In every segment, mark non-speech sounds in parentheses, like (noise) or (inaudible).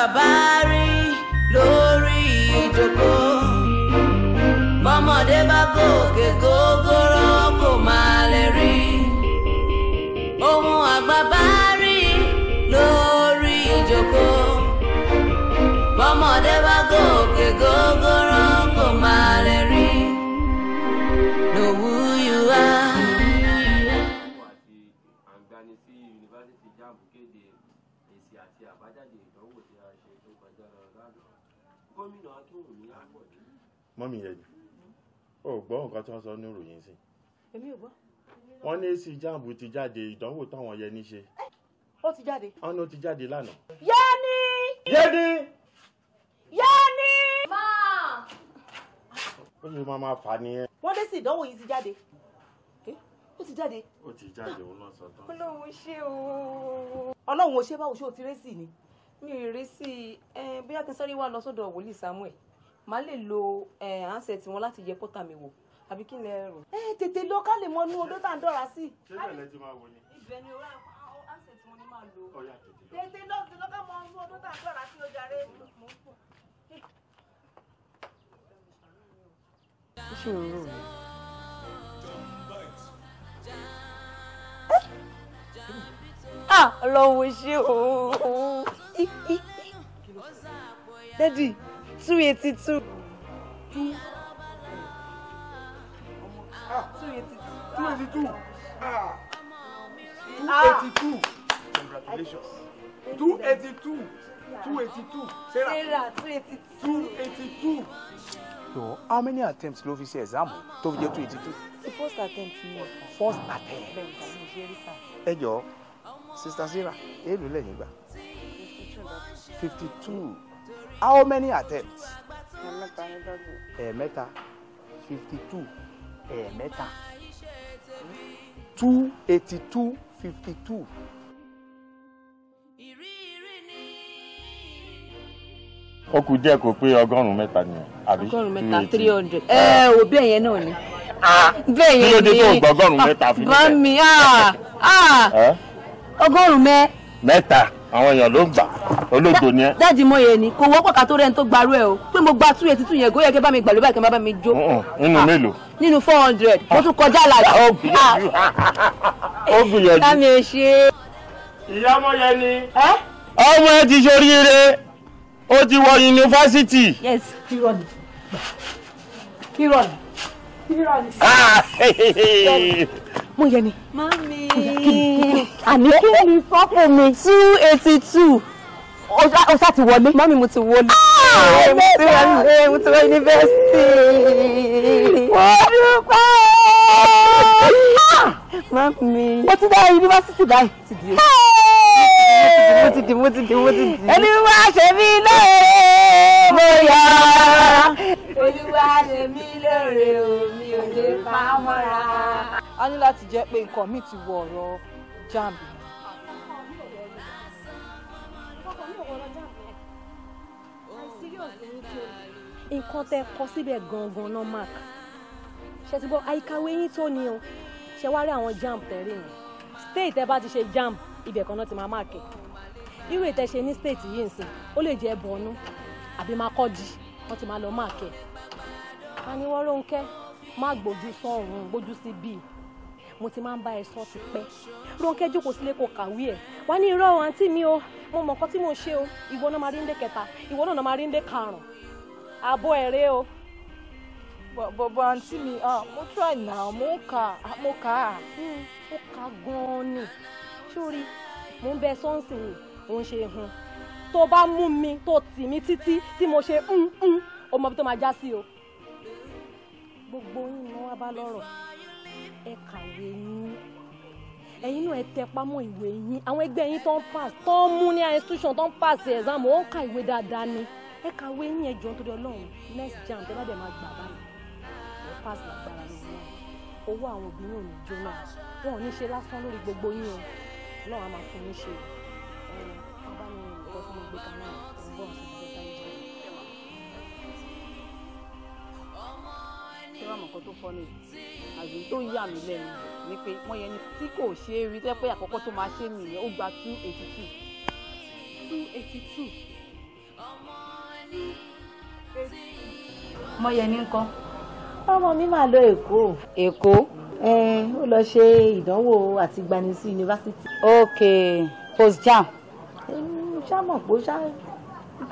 I'm rẹ̀. mọ́mì yẹn jù ó gbọ́ nǹkan tí wọ́n sọ ní ìròyìn sí. èmi ò gbọ́. wọ́n ní èsì jáàmù ti jáde ìdánwò táwọn yẹn ní ṣe. ó ti jáde. wọ́n ní ó ti jáde lánàá. yẹ́ni. yẹ́ni. yẹ́ni. máa. ó ṣe máa máa fà nìyẹn. wọ́n dé sí ìdánwò yìí ti jáde ó ti jáde. ó ti jáde òun náà sọ tán. ọlọ́run ṣé o. ọlọ́run ò ṣe báwo ṣé o ti rẹ́sì ni. mi ò rẹ́sì bóyá kí n sáré wá lọ sọ́dọ̀ wòlíì Samuel màá lè lo eh, handset wọn láti yẹ pọ́tà mi wò àbí kí lẹ rò. ẹ tètè lọ ká lè mọ inú odó tá à ń dọ̀ra sí. ṣé bẹ̀rẹ̀ ti máa wò ni. ibẹ̀ ni ọ̀rá handset wọn máa lò. ọ̀ya tètè lọ. tètè lọ tètè lọ ká mọ inú odó tá à ń dọ̀ra sí ọjà rẹ. Ah, ó ṣe òróró rẹ. ah ọlọ́run ṣe òun. dẹ́dì two eighty two. two two. eighty two. ah two eighty two. congratulations. two eighty two. two eighty two. sarah two eighty two. two eighty two. so how many attempts ló fi ṣe exam tó get jẹ́ two eighty two. the first attempt first attempt. Ejo, sister sista sarah èèlò lẹ́yìn fifty two how many attempts. ẹ̀ẹ̀mẹ́ta ní fifty two ẹ̀ẹ̀mẹ́ta two eighty two fifty two. ó kù díẹ̀ kó pé ọgọ́rùn-ún ni àbí. ọgọ́rùn-ún three hundred eh. eh, ẹ ò ah. bẹ́ẹ̀ yẹn náà ni. bẹ́ẹ̀ yẹn ni kí ló dé tó gbọ́gọ́rùn-ún mẹ́ta fi nílẹ̀. bá mi ah, ah. Eh? ọgọ́rùn-ún mẹ́. mẹ́ta àwọn èèyàn ló ń gbà olóògbò ni ẹ. dáàdi mọ yẹn ni kò wọ́pọ̀ ká tó rẹ́ni tó gbarú ẹ o pé mo gba two eighty two yẹn góyẹ kí bá mi gbà ló báyìí kí bá mi jó. nínú ah, mélòó. nínú four hundred mo tún kọjá àlàjì. ó gbìyànjú ah. ó gbìyànjú. ká mi ṣe. ìyá ọmọ yẹn ni. ọmọ ẹ ti ṣoríire ó ti wọ yunifásitì. yes irọ́ ni irọ́ ni irọ́ ni. Ah. mo yẹ ni. mami. àní kí ni fọ́pọ̀ mi. two eighty two o ṣá ti wọlé. mọ́mí mo ti wọlé. mo ti wọlé mo ti wọ yunifásitì. mo dúpẹ́. mọ́mí. mo ti dá yunifásitì báyìí. mo ti di mo ti di mo ti di. ẹni wá ṣe mí lóore mo yà. olúwa ṣe mí lóore o mi ò lè pa á mọ́ra. a ní láti jẹ́ pé nǹkan mi ti wọ ọ̀rọ̀ jambi nǹkan tẹ kọ síbẹ̀ gangan náà mark ṣe ti gbọ́ àyíkáwé yín tó ni o ṣe wá rí àwọn jamb tẹ̀rí yẹn state ẹ bá ti ṣe jamb ibẹ̀ kan náà ti máa mark ẹ̀ irú ètẹ̀ ṣe ní state yìí nsìn ó lè jẹ́ bọ̀ọ̀nù àbí Makurdi wọ́n ti máa lọ mark ẹ̀ àníwọ́ Rónkẹ́ má gbójú sọ́run gbójú sí bíi mo ti máa ń bá ẹ sọ ti pẹ́ Rónkẹ́ jókòó sílé kò kàwé ẹ̀ wá ní irọ́ àǹtí mi o mo mọ̀ nǹkan tí mo ṣe o ìwọ náà máa rí ń dé kẹta ìwọ náà máa rí ń dé karùn àbọ̀ ẹ̀rẹ́ o bọ̀bọ̀ àǹtí mi ah, mo try now mo kà á ah, mo ka, á mo kà á gan-an ni sórí mo ń bẹ sọ́ọ̀sìn yìí mo ṣe hun tó bá mú mi tó ti mí títí tí mo ṣe ń ń o mọ bí tó máa já sí o gbogbo yín ni wọ́n bá lọ́rọ̀ ẹ kàwé yín ẹ̀yin náà ẹ tẹpá mọ́ ìwé yín àwọn ẹgbẹ́ yín tó ń pass tó ń mú ní institution tó ń pass exam ó ń ka ìwé dáadáa ni ẹ kàwé yín ẹ jọ nítorí ọlọ́run next jam tẹ́ bá dẹ̀ máa gbà báyìí ẹ pass lágbára ní ọlọ́run owó àwọn òbí yóò ní jóná wọn ò ní ṣe lásán lórí gbogbo yín o ọlọ́run á máa fún yín ṣe ẹ bá mi nǹkan tí mo gbé kan náà ń bọ̀ sí ìjọba ìjọba ìjọba. ṣé wàá mọ̀ nǹkan tó fọ́ lè àgbè tó yà mí lẹ́nu ni pé wọ́n yẹn ni tí kò ṣe é rí tẹ́ pé àkọ́kọ́ tó máa ṣe nìyẹn ó gba two eighty two two eighty two mọ́yẹmí ńkọ́. ọmọ mi máa lọ èkó. èkó. ẹ ó lọ ṣe ìdánwò àti gbani sí yunifásitì. ok postjam. ṣáàmọ̀ pé ṣá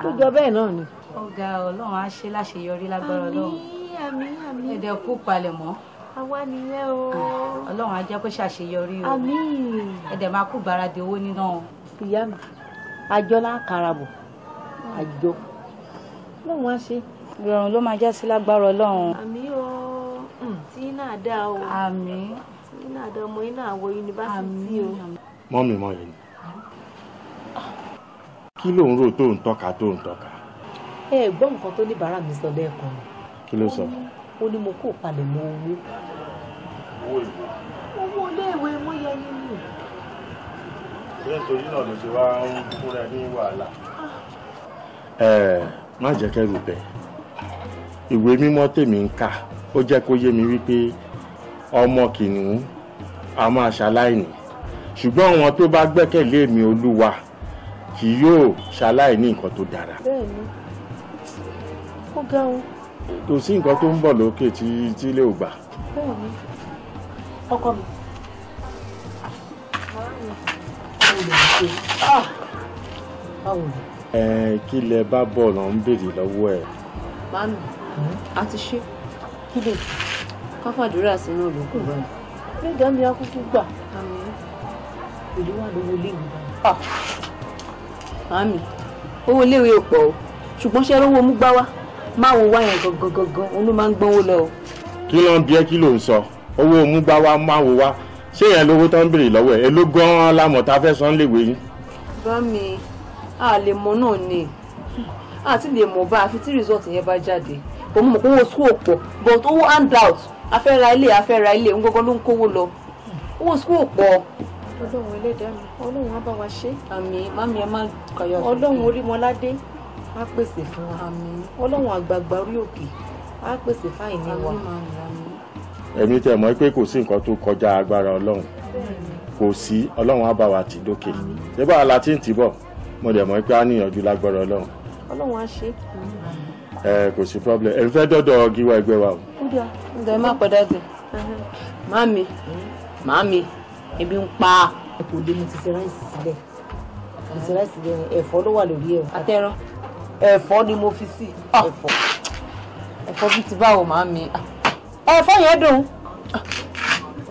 tó jọ bẹ́ẹ̀ náà ni. ó ga ọlọ́run á ṣe láṣeyọrí lágbára ọlọ́run. àmín àmín. ẹ̀dẹ̀ kú palẹ̀ mọ́. àwa nìyẹn o. Ah, ọlọ́run á jẹ́ kó ṣàṣeyọrí o. àmín. ẹ̀dẹ̀ máa kú gbáradì owó níná o. ìyá mi àjọ láǹkàrà bò àjọ. Mm náà wọ́n á ṣe. ìrọ̀rùn ló máa já sí lágbára ọlọ́run. àmì o tí náà dá o. àmì. tí náà dá ọmọ iná àwọ yunifásitì o. mọ́mì mọ́yì ni kí ló ń rò tó ń tọ́ka tó ń tọ́ka. ẹ gbọ́ nǹkan tó ní bàárà mi sọ lẹ́ẹ̀kan. kí ló sọ. ó ní mo kó palẹ̀ mọ́ owó. owó iléèwé mo yẹ nínú. bẹ́ẹ̀ torí náà ló ṣe wá ń fúnra ní wàhálà. Ah má jẹ́ kẹ́rù bẹ̀ ìwé mímọ́ tèmi ń kà ó jẹ́ kó yé mi wípé ọmọ kìnìún a máa ṣaláìní ṣùgbọ́n àwọn tó bá gbẹ́kẹ̀lé mi olúwa kì yóò ṣaláìní nǹkan tó dára. bẹ́ẹ̀ni ó ga o. kò sí nǹkan tó ń bọ̀ lókè tí tí lè gbà. bẹ́ẹ̀ni ọkọ mi. báwo ni ah! báwo ni ẹ kí lẹ bá bọ̀ lọ ń béèrè lọ́wọ́ ẹ̀. mami a ti ṣe kí lè ká fàdúrà sínú olùkọ́ rẹ̀ ní ìdámi akúkú gbà ìlú wà lówó léwu. mami owó léwu yóò pọ̀ o ṣùgbọ́n ṣé rówó mú gbá wá máa wo wá yẹn gangan gangan òun ló máa ń gbọ́nwó lọ. kí ló ń bí ẹ kí ló ń sọ owó mú gbá wá máa wo wá ṣé yẹn lówó tó ń béèrè lọ́wọ́ ẹ ló gan-an lámọ̀ tá a fẹ́ sọ ń léwu yín. bá mi a lè mọ náà ni àti lè mọ̀ bá a fi tí result yẹn bá jáde kò mọ̀ pé owó school pọ̀ but owó hand out afẹ́ ra ilé afẹ́ ra ilé òun gọ́gọ́ ló ń kówó lọ owó school pọ̀. ọlọ́run ẹlẹ́dàá mi ọlọ́run á bá wa ṣe. àmì mami ẹ má kàyọ. ọlọ́run orímọládé á pèsè fún wa ọlọ́run àgbààgbà orí òkè á pèsè fáìní wa. èmi tẹ̀ mọ́ pé kò sí nǹkan tó kọjá agbára ọlọ́run kò sí ọlọ́run á bá wa tì dókè ṣé báwa la ti ń tì bọ̀ mo dẹ̀ mọ̀ pé a níyànjú lágbára ọlọ́run. ọlọ́run á ṣe ẹ kò sí problem ẹ fẹ́ dọ́dọ̀ gíwá ẹgbẹ́ wa o. ǹjẹ́ ẹ má padà dé màámi màámi ebi ń pa. ẹ kò dé mo ti ṣe ráìsì sílẹ̀ mo ti ṣe ráìsì sílẹ̀ ẹ̀fọ́ ló wà lórí ẹ̀ àtẹ̀rán ẹ̀fọ́ ni mo fi sí ah. ẹ̀fọ́ ẹ̀fọ́ bíi ti báwo màámi ẹ̀fọ́ yẹn dùn ah.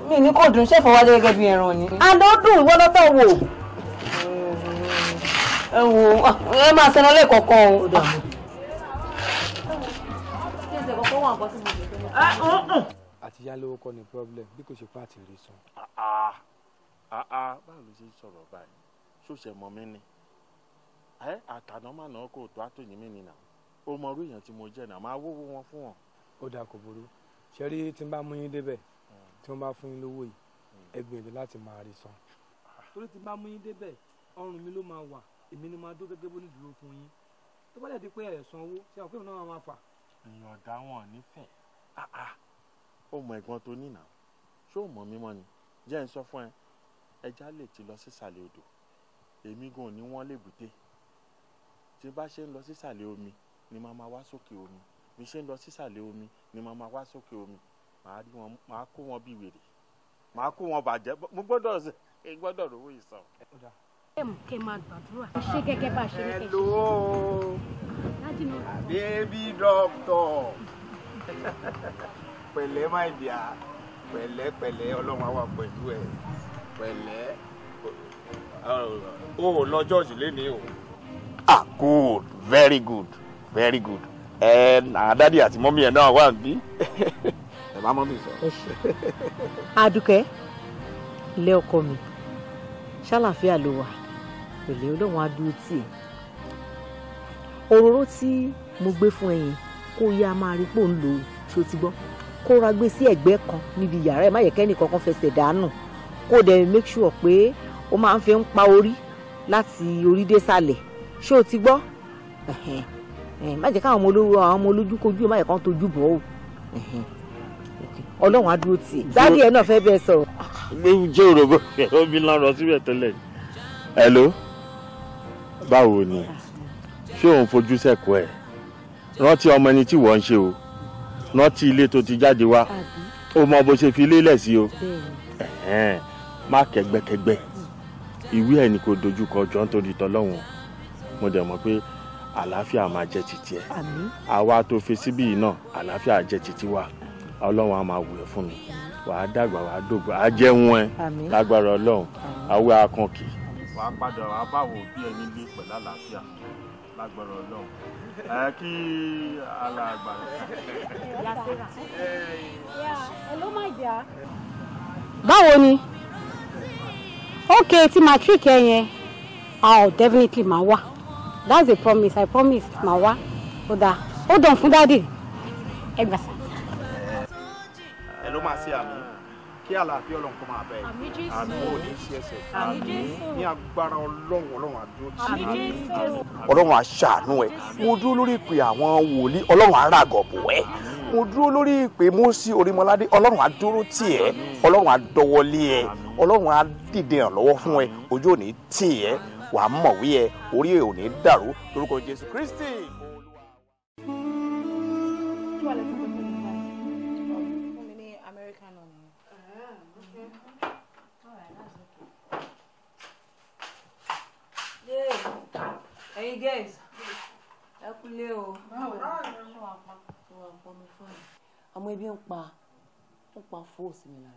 mi ní kò dùn ṣẹ́fọ́ wájú gẹ́gẹ́ bí ẹran ni. àdó dùn wọ́n lọ́tọ̀ wò ẹ wò ẹ máa sẹ́nu lẹ́ẹ̀kọ̀ọ̀kan o. àti yá lówó kọ́ ni problem bí kò ṣe pa àti rí san. Ah, ah, ah, báwo ló ṣe ń sọ̀rọ̀ báyìí ṣòṣẹ̀ mọ́ mi ni àtànámàná kò tó àtòyìn mi nìyà ó mọ orí èèyàn tí mo jẹ́ náà máa wówó wọn fún wọn. ó dáa kò burú ṣe rí tí n bá mú yín débẹ̀ tí wọ́n bá fún yín lówó yìí ẹ gbìyànjú láti máa rí san. torí tí n bá mú yín débẹ̀ ọrùn mi ló máa wà èmi ni máa dó gẹ́gẹ́ bó ní dúró fún yín tó bá lè di pé ẹ̀ sanwó ṣe àwọn fíìmù náà máa fà. èèyàn ọ̀dà wọn nífẹ̀ẹ́. Ah, ah. ó mọ ẹ̀gbọ́n tó nínà ṣé ò mọ̀ mí mọ́ ni jẹ́ ń sọ fún ẹ ẹja lè ti lọ sísàlẹ̀ odò èmi gan ni wọ́n lè bùté tí bá ṣe ń lọ sísàlẹ̀ omi ni màá máa wá sókè omi bí ṣe ń lọ sísàlẹ̀ omi ni màá máa wá sókè omi màá rí wọn màá kó wọn bí wèrè màá kó wọn bàjẹ́ mo gbọ́dọ̀ gbọ́dọ̀ rówó ìsàn hello baby doctor (laughs) pẹ̀lẹ́ my dear pẹ̀lẹ́ pẹ̀lẹ́ ọlọ́run á wà pẹ̀lú ẹ pẹ̀lẹ́ o ò lọ church lénìí o. ah good very good very good ẹ náà dádì àti mọ́mí ẹ̀ náà wà bí ẹ bá mọ́mí sọ. adúkẹ́ ilé ọkọ mi ṣàlàáfíà ló wà pẹ̀lẹ́ ọlọ́run á dúró òróró tí mo gbé fún ẹ̀yin kó yá máa rí pò ń lò ó ṣó ti gbọ́ kó ra gbé sí ẹ̀gbẹ́ kan níbi yàrá ẹ̀ má yẹ kẹ́ni kankan fẹsẹ̀ dànù kó dẹ̀ make sure pé ó máa ń fi ń pa orí láti orí dé sàlẹ̀ ṣó ti gbọ́ má jẹ́ káwọn ọmọ olówó àwọn ọmọ olójú má yẹ kán tojú bọ̀ o ọlọ́run á dádì ẹ̀ náà fẹ́ bẹ́ẹ̀ sọ̀rọ̀. jẹ́ òrògbò ẹ̀rọ mi lárọ síbẹ̀ tẹ́lẹ̀ hello báwo ni ṣé òun fojú sẹ́kọ̀ọ́ ẹ̀ rántí ọmọ ẹni tí wọ́n ń ṣe o rántí ilé tó ti jáde wá ó mọ bó ṣe fi ilé lẹ̀ sí o má kẹgbẹ́kẹgbẹ́ ìwé ẹ̀ ni kò dojúkọ jọ nítorí tọ́lọ́hún mo dẹ̀ mọ̀ pé àlàáfíà máa jẹ́ títí ẹ̀ àwa tó fi síbí yìí náà àlàáfíà jẹ́ títí wa ọlọ́run á máa wù ẹ́ fún mi wàá dàgbà wàá dògbà á jẹun ẹ lágbára ọlọ́run àwẹ̀ akànkì wàá padà wàá báwo bí ẹni lé pẹ̀lú àlàáfíà lágbára ọlọ́run ẹ kí alàgbà. báwo ni okay tí matric ẹ yẹn i'll definitely máa wá that's a promise i promise máa wá O dáa ó dàn fún dáàdì ẹ gbà ẹ ló máa ṣe àmì kí àlàáfíà ọlọ́run kó máa bẹ̀ yìí àánú sí ẹsẹ̀ ní agbára ọlọ́run ọlọ́run àdúró tì í ọlọ́run àṣàánú ẹ̀ mo dúró lórí ìpè àwọn wòlíì ọlọ́run àràgọ̀bù ẹ̀ mo dúró lórí ìpè Mósè Orímọládé ọlọ́run àdúró tì ẹ́ ọlọ́run àdọwọlé ẹ̀ ọlọ́run àdìde ìrànlọ́wọ́ fún ẹ ojú ò ní tì ẹ́ wàá mọ̀wé ẹ orí ẹ dàrú lórúkọ Jésù Kristi. Hey guys help me out. I'm going to ẹ kúlé o àmọ́ I'm going to ń pa fóòsì mi I'm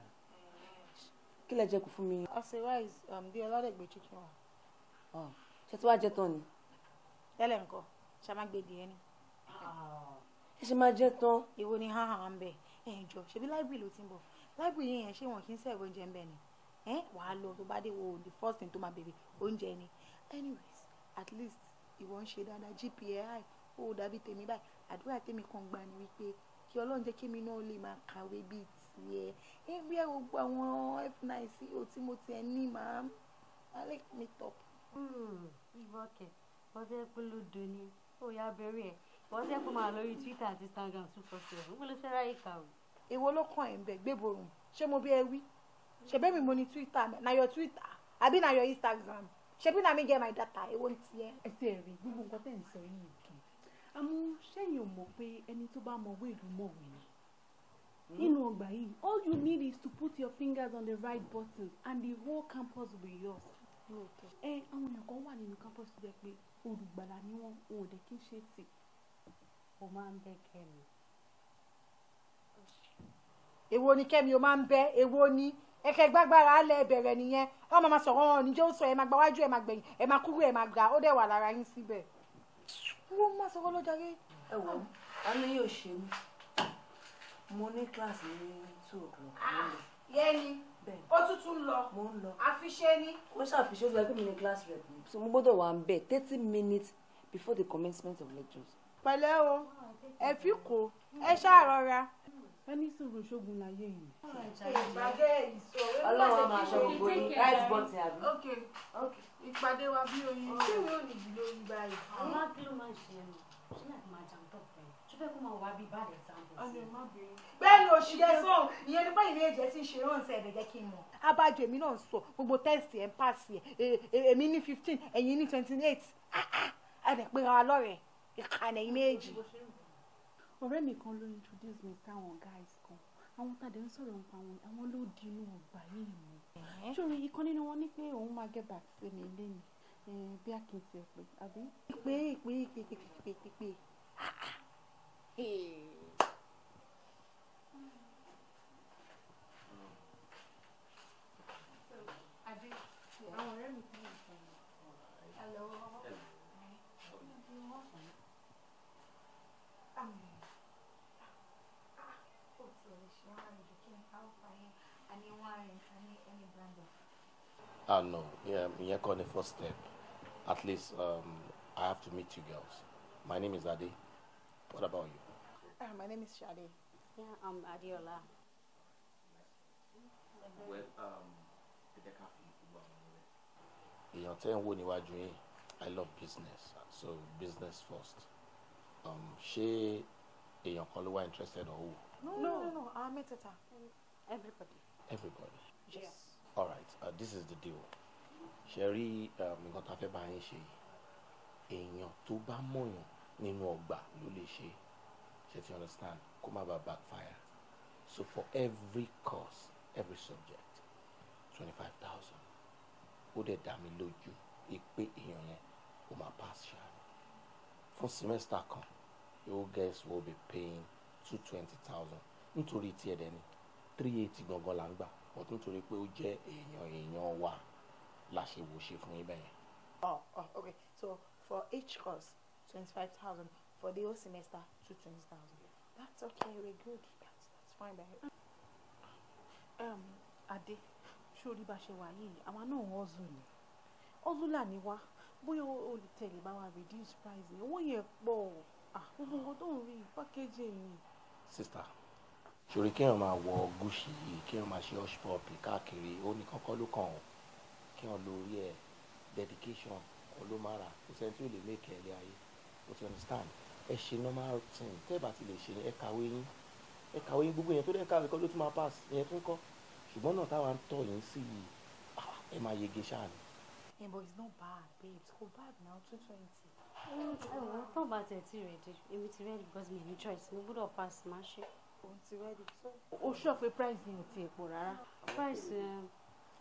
going to jẹ kó fún mi. I'm um, going to ọlọ́dẹ̀gbẹ̀ chicken wa. Ah, ṣé I'm going to tán ni. tẹ́lẹ̀ nǹkan I'm going to dìé ni. ẹ ṣe I'm going to èwo ni hàn án I'm going to ṣebí library ló ti I'm going to yẹn ṣé wọn kì I'm going to ń bẹ̀ ni wàá I'm going to dé wo the first thing tó máa bèrè oúnjẹ ni anyways at least ìwọ ń ṣe dáadáa GPA ó dàbí tèmi báyìí àdúrà tèmi kan gbà ní wípé kí ọlọ́run jẹ́ kémi náà lè máa kàwé bíi tiẹ̀ ẹ bí ẹ gbogbo àwọn f9 co tí mo tiẹ̀ ní màá má lè mi tọ̀. Hmm, ìbọ̀kẹ̀ bọ́sẹ̀ pé ló do ni ó yá bẹ̀rẹ̀ ẹ̀ bọ́sẹ̀ pé máa lórí Twitter àti Instagram two four seven ń gbé ló fẹ́ ráyè kàwé. èwo ló kàn ẹ̀ ń bẹ̀ gbéborùn ṣé mo bí ẹ wí ṣe bẹ́ẹ̀ mi mo ní Twitter na your Twitter àbí na your Instagram ṣebí náà mi get my data èwo ń tiẹ̀. ẹ ti ẹ rí gbogbo nǹkan tẹ̀ ń sọ yìí nìkan àmọ́ ṣẹ́yìn ò mọ̀ pé ẹni tó bá mọ owó ìlú mọ̀ wẹ̀ ni hmm. nínú ọgbà yìí all you need is to put your fingers on the right buttons and the whole campus will be yours. ẹ àwọn èèyàn kan wà nínú campus jẹ́ pé olùgbàlà ni wọ́n wọn ò dé kí n ṣe tì. ó máa ń bẹ́ kẹ́mi. Ewo ni kẹ́mi o máa ń bẹ́ èwo ni ẹ̀kẹ́ gbàgbára alẹ́ bẹ̀rẹ̀ nìyẹn ọmọ máa sọ̀rọ̀ wọn níjẹ́ ó sọ ẹ̀ máa gba wájú ẹ̀ máa gbẹ̀yìn ẹ̀ máa kúrú ẹ̀ máa ga ó dẹ̀ wà lára yín síbẹ̀. wọ́n máa sọ̀rọ̀ lọ́jà rẹ̀. ẹ wò ó àánú yóò ṣe mí mo ní kíláàsì ní two o'clock ah, nílẹ̀. yẹ́ni ó tuntun lọ mo ń lọ àfiṣe ni. ó ṣàfiṣe ó sọ pé mi ní class rep ni so mo gbọ́dọ̀ wà ń bẹ̀ thirty minutes before the commencement of lectures. pẹ̀lẹ́ o ah, ẹ fi kò ẹ ṣàrọ̀ra ẹ ní sùúrù ṣógun láyé yìí. ọlọ́run máa ṣe gbogbo ní rice bọ́ọ̀tì àbí. ìpàdé wa bí oyin ṣé wo ni ìdílé oyin báyìí. àwọn akíló máa ṣe ẹnu ṣé láti máa jà ń tọ̀ pẹ́ ṣé fẹ́ kó máa wá bí bad example sí i. bẹ́ẹ̀ni oṣù ìyẹn nípa ìlú ẹ̀jẹ̀ tí ṣe ránṣẹ́ ẹ̀dẹ̀ jẹ́ kí n mọ̀. abájọ èmi náà sọ gbogbo tẹ́sì ẹ̀ ń pàṣẹ èmi ní fifteen ẹ̀yin ní twenty eight ẹ̀dẹ̀ ah, ah. pé ara lọ́rẹ̀ẹ́ ìkànnì méjì ọ̀rẹ́ mi kan ló introduce mi sáwọn guys kan àwọn tàdé ń sọ̀rọ̀ nípa wọn àwọn ló di inú ọgbà yìí mi sórí ìkan nínú wọn ní pé òun máa get back sí mi lẹ́yìn bí a kì í tiẹ̀ pé àbí. pé pé pé pé pé pé ìyẹn kọ́ the first step at least um, I have to meet you girls my name is Adi. what about you. Uh, my name is Shadi. Yeah, I'm Adiola. Well, um, èèyàn tẹ́ ń wò níwájú I love business so business first um, ṣé èèyàn kan ló wá interested or who. no no no, no. met her. everybody. everybody. yes. yes. all right uh, this is the deal ṣe rí um, nǹkan tá a fẹ́ bá yín ṣe yìí èèyàn tó bá mọ̀yàn nínú ọgbà ló lè ṣe ṣe ti understand kó má bàa backfire so for every course every subject twenty five thousand ó dẹ̀ dá mi lójú pé èèyàn yẹn ó máa pass ṣáà fún semester kan your guests will be paying two twenty thousand nítorí tiẹ̀ dẹ̀ ni three eighty gangan là ń gbà but nítorí pé ó jẹ́ èèyàn èèyàn wa la ṣe wò ṣe fún yín bẹ́yẹn. oh oh okay so for each course twenty-five thousand for the whole semester two twenty thousand that's okay we good that's that's fine by me. um, Ade, sórí bá ṣe wà yìí àwa náà hustle ni hustle ni wá bóyá o lè tẹ̀lé bá wa reduce price ni owó yẹn pọ̀ ah, gbogbo nǹkan tó ń rí pákéjì yìí. sista sori kéèyàn máa wọ Gucci yìí kéèyàn máa ṣe hush pop káàkiri ó ní kọ́kọ́ ló kàn ọ́ kí wọ́n lo orí ẹ̀ dedication olómara kò sẹ́ni tí ò lè make ẹ̀lẹ́ ayé o ti understand ẹ ṣe normal thing tẹ́ ti lè ṣe ẹ kàwé yín ẹ kàwé yín gbogbo yẹn tó dẹ́ kàwé kọ́ ló tún máa pass ìyẹn tún kọ́ ṣùgbọ́n náà táwa ń tọ̀ yín sí yìí ah, ẹ máa yege ṣáà ni. Yeah, but it's not bad, babe. It's not bad now, twenty. Ẹ̀wọ̀n tó bá tẹ̀ tí ready, èmi ti ready because mi ní choice, mo gbọ́dọ̀ pass máa ṣe. Òun ti ready. O ṣọ́ pé price yẹn ò ti èpò rárá. Price yẹn. Eh,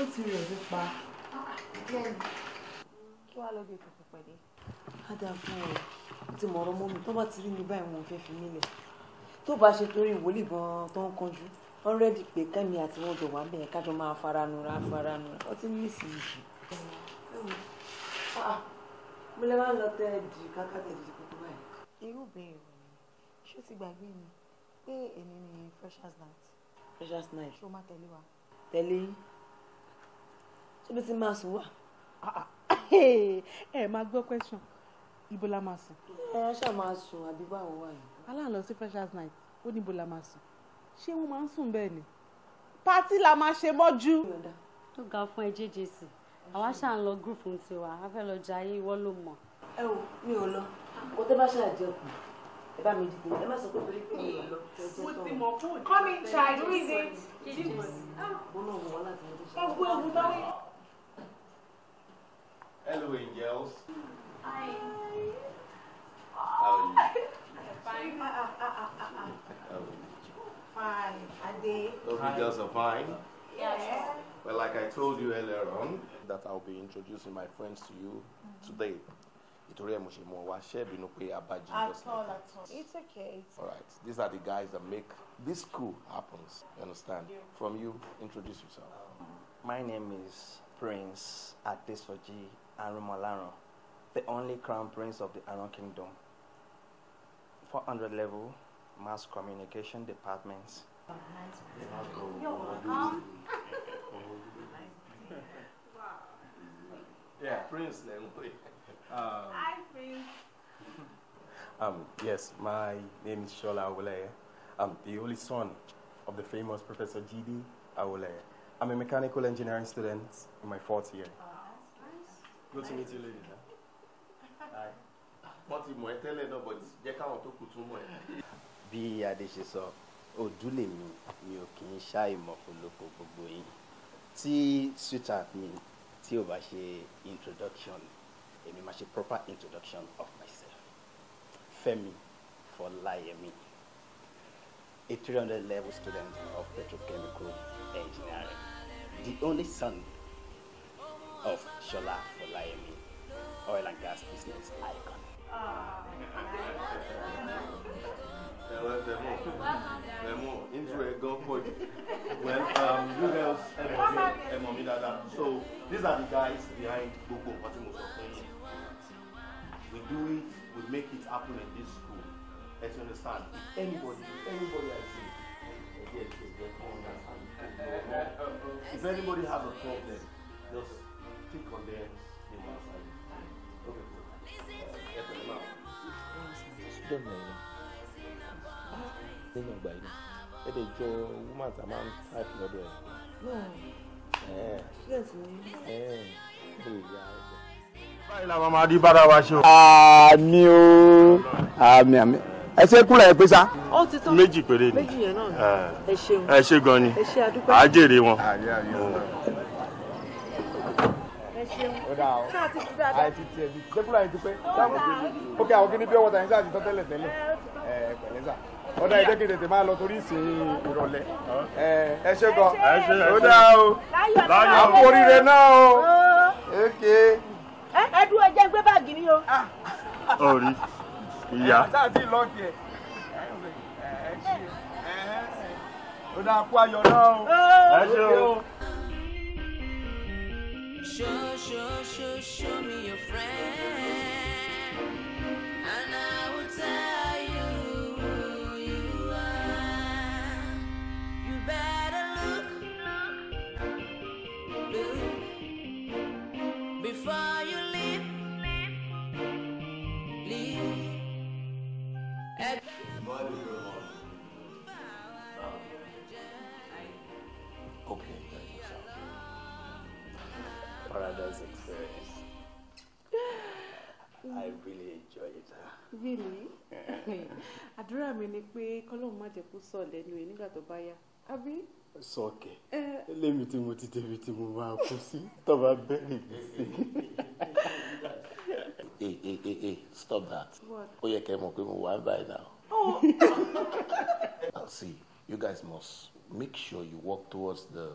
ó ti rẹ̀ mí pa. kí wàá lọ bí kòkò pẹ̀lẹ́. á dáa fún ọ ó ti mọ̀ọ́rọ̀ mọ́ mi tó bá ti rí mi báyìí wọn ò fẹ́ fi mí lẹ̀ tó bá ṣe torí ìwòlì gan-an tó ń kanjú wọ́n rẹ́dí pé kẹ́mi àti wọn jọ wà bẹ́ẹ̀ kájọ máa faranura faranura ọtí ní ìsinyìí. mo lè máa ń lọ tẹ ẹ̀dì káká tẹ̀lé kókó báyìí. irú bẹ́ẹ̀ rẹ̀ ni ṣó ti gbàgbé mi pé èmi ni freshers night. freshers night. ṣó máa tẹ̀lé wa. tẹ̀lé yín síbi tí máa sùn wà. ẹ máa gbọ́ question ibo la máa sùn. ẹ ṣáà máa sùn àbí báwo wà yìí. aláàlọ sí freshers night ó ní ibo la máa sùn ṣé wọ́n máa ń sùn bẹ́ẹ̀ ni pátí la máa ṣe mọ́jú. ó ga fún ẹ jẹjẹ sí àwa ṣáà ń lọ group ń tiwa a fẹ́ lọ jayé ìwọ ló mọ̀. ẹ wo mi ò lọ kó tẹ́ bá ṣáà jẹ kù ẹ bá mi dìde ẹ má sọ pé pé mi ò lọ. mo ti mọ̀ fún òjò. coming child reason. jíjìn. ó náà wọ̀ wá láti ọjọ́ ṣáà. ẹ wo ewu lọ́wọ́. Hello, angels. Hi. How are you? Fine. are ah, ah, ah, you? Fine. Are they? girls are fine. Yes. Well, like I told you earlier on, that I'll be introducing my friends to you mm -hmm. today. Ìtòrí ẹ̀ At all. It's okay. all right. These are the guys that make this school happens. You understand? You. From you, introduce yourself. Mm-hmm. My name is Prince Adesoji Arumalaran, the only crown prince of the Aran kingdom. 400 level mass communication departments. You're welcome. yeah, Prince (laughs) Hi, Prince. Um, (laughs) um, yes, my name is Shola Awole. I'm the only son of the famous Professor G.D. Awole. I'm a mechanical engineering student in my fourth year. good to meet you lady. hi wọ́n ti mọ̀ ẹ́ tẹ́lẹ̀ náà but jẹ́ káwọn tó kù tún mọ̀ ẹ́. bí adé ṣe sọ òdúlé mi mi ò kì í ṣàìmọ̀ fọlọ́kọ̀ gbogbo yín tí sweetheart mi tí ò bá ṣe introduction èmi máa ṣe proper introduction of myself Fẹ́mi Fọláyẹmí a three hundred level student of petrochemical engineering the only son of Shola Folayemi, oil and gas business icon. Hello, into a girl coach. Well, um, who else? Emo mi So, these are the guys behind Gbogbo Patimoso Kenya. We do it, we make it happen in this school. As you understand, if anybody, if anybody I see, if anybody has a problem, just stick on there ní wọn sáré lókè tó ẹ tẹ̀lé máa. ṣùgbọ́n mi ò nínú ìgbà yìí ẹ lè jọ woman tá a máa ń type lọ́dọ̀ àmì o àmì àmì ẹ ṣe kúnlẹ̀ ẹ pé sá. méjì péré ni eh, ẹ ṣe gan ni ẹ ṣe wọn ṣeun ṣáà ti ti dáadáa. àìsí tiẹ̀ bí sẹ́kúlà yẹn ti pé táwọn ti ó kẹ́ àwọn kí ni bí ọwọ́ ta yẹn ṣáà ti tọ́ tẹ́lẹ̀ tẹ́lẹ̀ ẹ pẹ̀lẹ́ sà ó dáa o àpò oríire náà o èké. ẹ dúró jẹ́ gbé báàgì ni o. orí ah. ìyá. ṣáà ti lọ́ọ̀kì ẹ̀ ó dáa kó ayọ̀ náà o. ẹ ṣe o. show, show, show, show me your friend. bí mi (laughs) àdúrà mi ni pé kọ́lọ́hún má jẹ́ kó sọ̀ lẹ́nu ẹ̀ nígbà tó bá yá àbí. sọkẹ lèmi tí mo ti débi tí mo máa kú sí tọba bẹ̀rẹ̀ mi sí. (laughs) Hey, hey, hey, hey, stop that. Ó yẹ kẹ́ mọ̀ pé mo wà báyìí now. Oh. (laughs) Now see, you guys must make sure you work towards the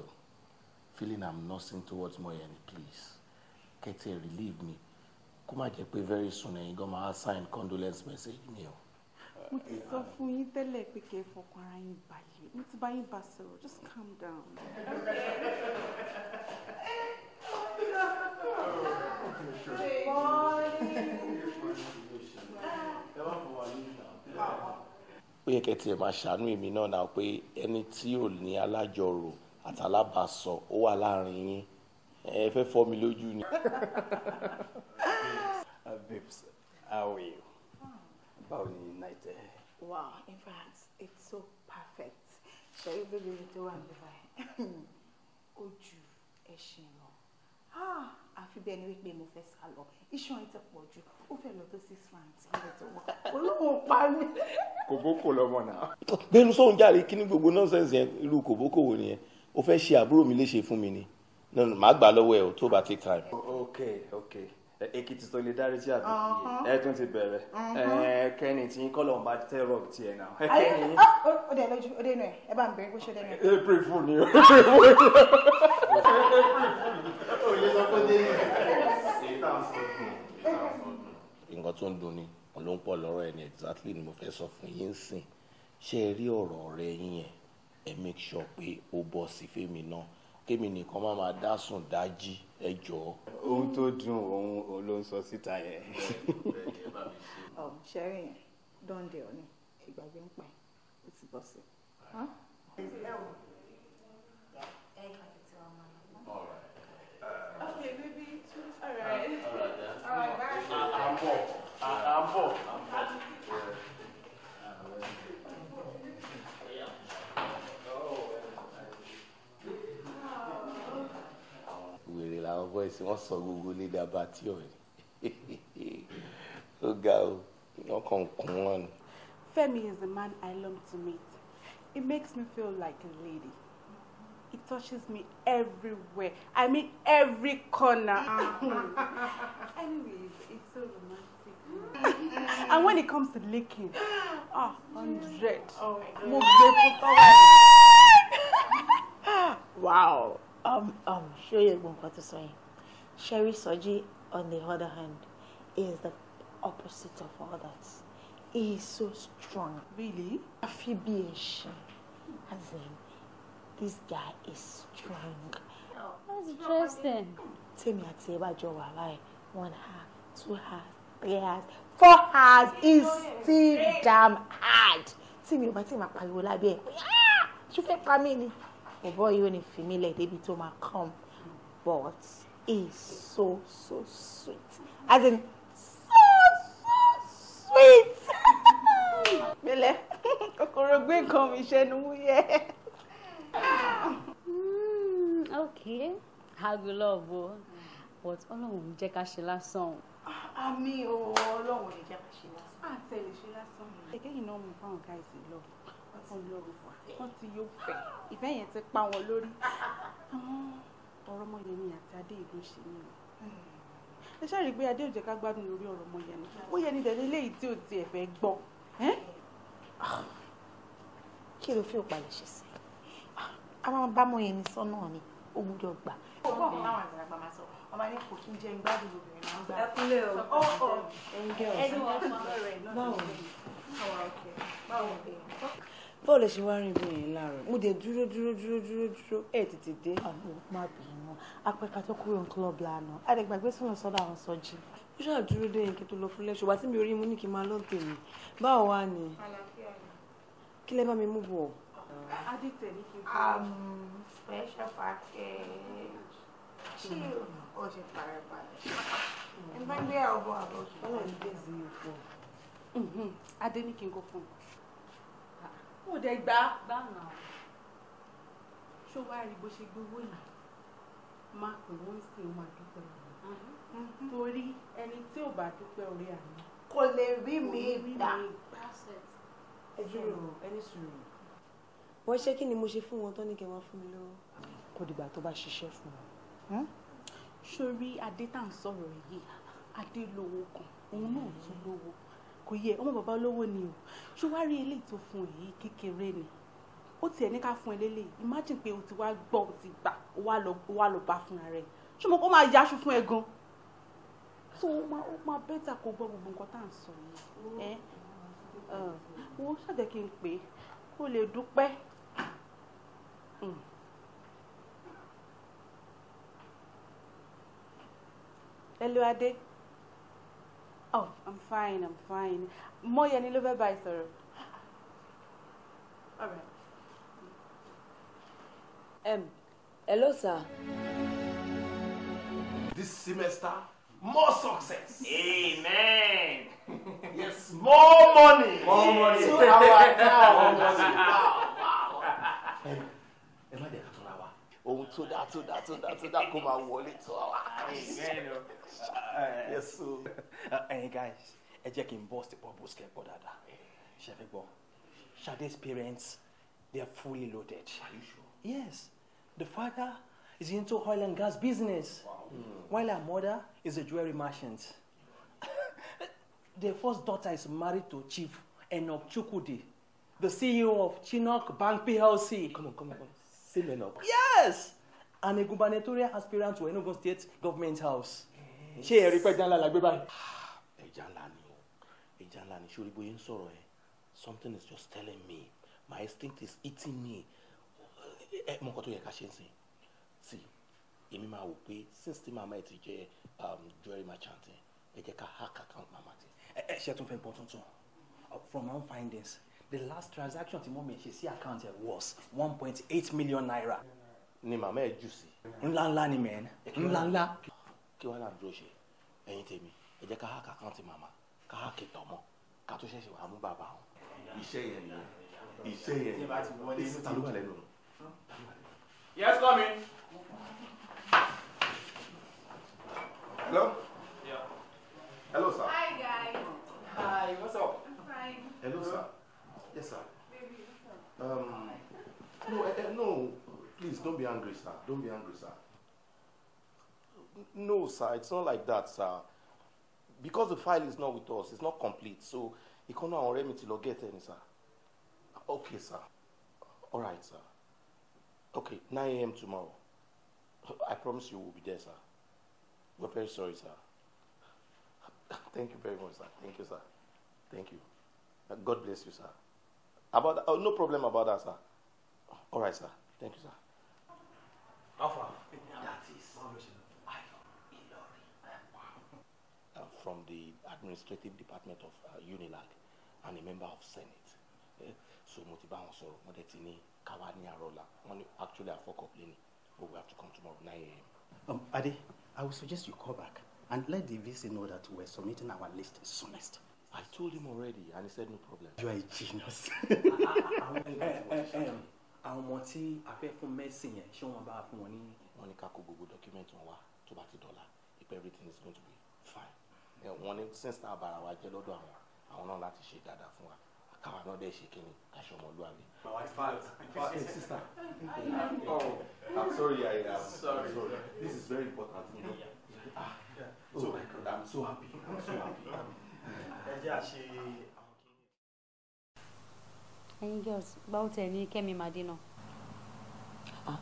feeling I'm nursing towards Moyeni, please. Kẹ́tẹ́ relieve me kó má jẹ́ pé very soon ẹ̀yin gan máa sign condolence message mi o. mo ti sọ fún yín tẹ́lẹ̀ pé kẹ́ ẹ fọkàn ara yín balẹ̀ mo ti bá yín bá sọ̀rọ̀ just calm down. ó yẹ kẹ́ tiẹ̀ máa ṣàánú èmi náà náà pé ẹni tí ò ní alájọrò àtàlábàásọ ó wà láàrin yín ẹ fẹ́ fọ́ mi lójú ni. (laughs) Uh, babes how are you báwo ni united. wow in fact it's so perfect ṣe é bébí mi tó wà nípa ẹ ojú ẹṣin lọ ah, àfi bẹ́ẹ̀ ni wípé mo fẹ́ sá lọ iṣan ẹ ti pọ̀ jù ó fẹ́ lọ tó six francs ilé tó wà olóhùn pa mí. (laughs) kòbókò lọmọ náà. gbẹ́nu sọ̀hún jàre kí ni gbogbo nọ́ọ̀sẹ̀nsì yẹn irú kòbókò wo nìyẹn o fẹ́ ṣe àbúrò mi léṣe fún mi ni no no màá gbà lọ́wọ́ ẹ o tó bá take time. ok ok èkìtì solidarity. lè dárí tí àbí uh-huh. ẹ tún ti bẹ̀rẹ̀ uh-huh. kẹ́ni tí ń kọ́lọ̀ bá tẹ́ rọ̀ tí ẹ náà. ayé ah, ó dẹ̀ lójú ó dẹ̀ nù ẹ ẹ bá ń bẹ̀rẹ̀ bó ṣe dẹ̀ nù ẹ. april fool ni o april fool ni o yẹ sọ pé dé nǹkan tó ń dunni ló ń pọ̀ lọ́rọ̀ ẹni exactly ni mo fẹ́ sọ fún yín sìn ṣé rí ọ̀rọ̀ rẹ yín yẹn ẹ make sure pé ó bọ́ sí fèmí náà kémi nìkan máa máa dá sùn dájí ẹ jọ̀ọ́. ohun tó dùn òun òun ló ń sọ síta yẹn. ṣẹ́rí (laughs) oh, yẹn dọ́ndé ọ̀nì ìgbàgbé ń pa ẹ̀ ó ti bọ̀ sí i. boys wọ́n sọ gbogbo ní daba tí ò rí ó ga o wọ́n kàn kún wọn ni. Femi is a man I love to meet. He makes me feel like a lady. He touches me everywhere. I mean every corner. (laughs) Anyway, it's so romantic. and when it comes to licking, ah, hundred. Oh my god. Oh (laughs) wow. Um, um, show you one photo, sorry. Sherry Soji, on the other hand, is the opposite of all that. He is so strong. Really? Àfi bí ẹṣin. As in, this guy is strong. Oh, That's interesting. Tèmi me ẹ bá jọ wà báyìí, one half, two half, three half, four half is still damn hard. Tí me ò bá tí ma pariwo lábẹ́ ẹ̀ pé ṣú fẹ́ pa mí ni. Bọ̀bọ̀ yìí ò ní fi mí come but is so, so sweet. As in, so, so sweet. (laughs) Bele, kòkòrò gbé nǹkan mi ṣẹnu yẹ. Hmm, okay, How you love o. Oh. But Ọlọ́run jẹ́ ká ṣe lásán o. Àmì o, Ọlọ́run lè jẹ́ ká ṣe lásán. Àǹtẹ̀ lè ṣe lásán. Ẹ̀kẹ́ yìí náà mú fáwọn káyìsì lọ. Wọ́n ti yóò fẹ́. Ìfẹ́ yẹn ti pa wọn lórí. Àwọn. (laughs) ọ̀rọ̀ Ọmọyẹmí àti Adéìdún ṣe ní o hmm. ẹ ṣáà rí i pé adé ò gbádùn lórí ọ̀rọ̀ Ọmọyẹmí hmm. ó yẹ ní tẹ̀lé léyìí tí ò tiẹ̀ fẹ́ gbọ́ hmm. kí ló fi òpàlẹ̀ ṣe sí a máa bá Ọmọyẹmí sọ́nà ni ó gbúdọ̀ gbà. ọgbọ́n mi láwọn àgbàlagbà máa sọ ọmọ ní kò kí n jẹ gbádùn obìnrin máa ń gbà. ẹkúnlẹ̀ o ó ó ẹni wọ́n sọ lọ́rọ̀ ẹ̀ náà ló ń bẹ̀rẹ̀ báwo ọ̀kẹ́ bọ́ọ̀ ṣe wá rìn bí yẹn láàárọ̀ mo dé dúró dúró dúró dúró dúró ẹ̀ tètè dé. àlọ́ ah, má bínú apẹ̀ka tó kúrò ní club lánàá àdẹ̀gbàgbé sùn lọ sọ́dọ̀ àwọn sọ́jí. ó ṣáà dúró dé yẹn kí tó lọ fún lẹ́ṣọ̀ wá tí mi ò mu ní kí n máa lọ tèmi báwo wá ni kí lẹ bá mi mú bọ̀. Ah, adìtẹ̀ um, mm-hmm. mm-hmm. ní kí n fún un special package tí o ti parẹ́ parẹ́ bá ń gbé àwọn àbọ̀ ó dẹ̀ gbá gbá náà ṣó wá rí bó ṣe gbowó yìí má pè wọ́n sì ń máa dúpẹ́ rẹ̀ mm-hmm. torí ẹni tí ò bá dúpẹ́ orí àná kò lè rí mi gbà ẹ dúró ẹni sùúrù. wọ́n ṣé kí ni mo ṣe fún wọn tó ní kí wọ́n fún mi lówó. kò dìgbà tó bá ṣiṣẹ́ fún wọn. sórí hmm? adé tá à ń sọ̀rọ̀ yìí adé lówó kan òun náà tún lówó kò yẹ ọmọ bàbá olówó ni o ṣé wàá rí eléyìí tó fún èyí kékeré ni ó tiẹ̀ ní ká fún ẹ lélẹ̀ imagine pé o ti wá gbọ́ o ti gbà o wá lọ bá fúnra rẹ ṣé mo kó máa yaṣu fún ẹ gan so ó máa ó máa bẹ́tà kó gbọ́ gbogbo nǹkan tá à ń sọ yìí ẹ wọ́n ṣàjẹ́ kí n pè é kó lè dúpẹ́. Mm. Hello Adé. Oh, I'm fine, I'm fine. Moya ni ló fẹ́ All right. Um, hello, sir. This semester, more success. Amen. (laughs) yes, more money. More money. To our account. (laughs) Wow, wow ohun tó that tó that tó dáa tó dáa kó máa wọlé tó àwa. yes o. ẹyin uh, uh, guys ẹ jẹ́ kí n bọ́ sí bubble scare pọ̀ dáadáa ṣe fi gbọ́ Sade's parents they are fully loaded. are you sure? yes the father is into oil and gas business wow. mm. while her mother is a jewelry merchant. (laughs) their first daughter is married to Chief Enoch Chukwudi, the CEO of Chinok Bank PLC. Come on, come on, come on. same enough. Yes! and a gubernatorial aspirant to Enugu State Government House. Ṣé ẹ̀rí pẹ́ jàǹlá la gbé báyìí? Ah, ẹja ńlá ni o, ẹja ńlá ni ṣorí bóyá ń sọ̀rọ̀ ẹ̀. Something is just telling me, my instinct is eating me. Ẹ mọ nǹkan tó yẹ ká ṣe ń sìn. Sí, èmi máa wò pé since tí màmá ẹ ti jẹ um, jewelry merchant, ẹ jẹ́ ká hack account màmá ti. Ẹ ṣe tún fẹ́ bọ́ tuntun from our findings the last transaction tí mọ́mí ṣe sí account ẹ̀ was one point eight million naira. ni màmá ẹ jù sí. ńláńlá ni mẹ́ẹ̀n ńláńlá. kí wàá làdúró ṣe ẹ̀yin tèmi ẹ jẹ́ ká hàkà àkáǹtì màmá ká hàkì tọ̀mọ́ ká tó ṣẹ̀ṣẹ̀ wàá mú bàbá wọn. iṣẹ́ yẹn ni iṣẹ́ yẹn ni iṣẹ́ ta ló wà lẹ́nu. yes come in. hello. hello sir. Um, no, uh, no, please don't be angry, sir. Don't be angry, sir. No, sir, it's not like that, sir. Because the file is not with us, it's not complete, so you cannot already mi ti get any, sir. Okay, sir. All right, sir. Okay, 9 a.m. tomorrow. I promise you we'll be there, sir. We're very sorry, sir. Thank you very much, sir. Thank you, sir. Thank you. God bless you, sir. About that, oh, no problem about that, sir. All right, sir. Thank you, sir. Alpha. That is from the administrative department of uh, Unilag and a member of Senate. Uh, so mo ti bá wọn sọ̀rọ̀ wọ́n dẹ̀ ti ní káwa ní àrọ́là wọ́n but oh, we have to come tomorrow nine a.m. Um, Ade, I would suggest you call back and let the VC know that we're submitting our list soonest. I told him already and he said no problem. You are a genius. Àwọn ọmọ tí a fẹ́ fún mẹ́sìn yẹn ṣé wọ́n bá fún wọn ní. Wọ́n ní ká kó gbogbo document wọn wá tó bá ti dọ́là if everything is going to be fine. Wọ́n ní since náà bára wa jẹ́ lọ́dọ̀ àwọn àwọn náà láti ṣe dáadáa fún wa káwa náà dẹ̀ ṣe kíni aṣọ ọmọlúwàbí. Eh, sister, (laughs) oh, I'm sorry, I am (laughs) sorry. sorry. This is very important. You know? yeah. Yeah. Oh so, I'm so happy. I'm so happy jẹ́ àṣe àwọn kìnìún. ẹyin girls báwo tẹ ní kẹ́mi máa ah,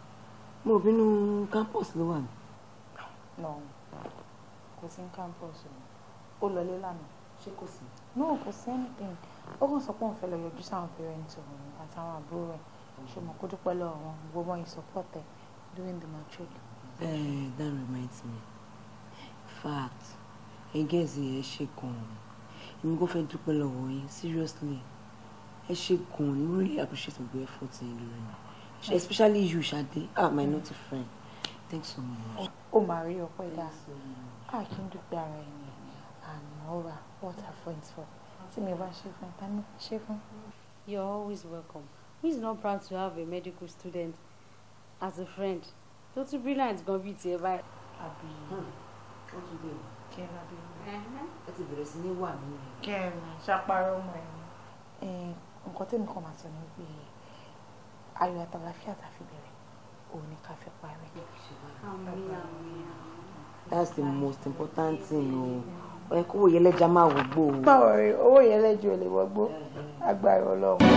mo bínú campus ló wà ní. no kò sí campus o ó lọlé lánàá ṣé kò sí. no kò sí anything ó kàn sọ pé òun fẹ́ lọ yọjú sáwọn parents òun àtàwọn àbúrò rẹ̀ ṣùgbọ́n kó dúpẹ́ lọ́wọ́ wọn gbogbo wọn yìí support ẹ̀ during the matric. Uh, that reminds me fact ẹgẹ́ ẹ̀sìn yẹn ṣe kàn án èmi kò fẹ́ dúpẹ́ lọ́wọ́ yín seriously ẹ ṣe gan-an ni really appreciate gbogbo effort in lórí mi especially you Ṣadé ah my naughty friend thanks so much. ó máa rí ọpẹ́ dá a kì í dúpẹ́ ara ẹni àmọ́ ra what are friends for tí mi bá ṣe fún ta ni ṣe fún. you are always welcome who is not proud to have a medical student as a friend tó tún brilliant gan bíi tiẹ̀ báyìí. àbí ó tún dé o ẹ ti bẹ̀rẹ̀ sí ní wà nínú ẹ̀. kẹrin ọmọ ẹ̀. nǹkan tẹ́mi kan máa sọ ni pé ayọ̀ àtàlàfíà tá fi bẹ̀rẹ̀ òun ni ká fi parí. that's the most important thing o ẹ kó owó yẹlẹ́jà máa wò gbó o. báwo rí owó yẹlẹ́jà ò lè wọgbó agbára Ọlọ́run.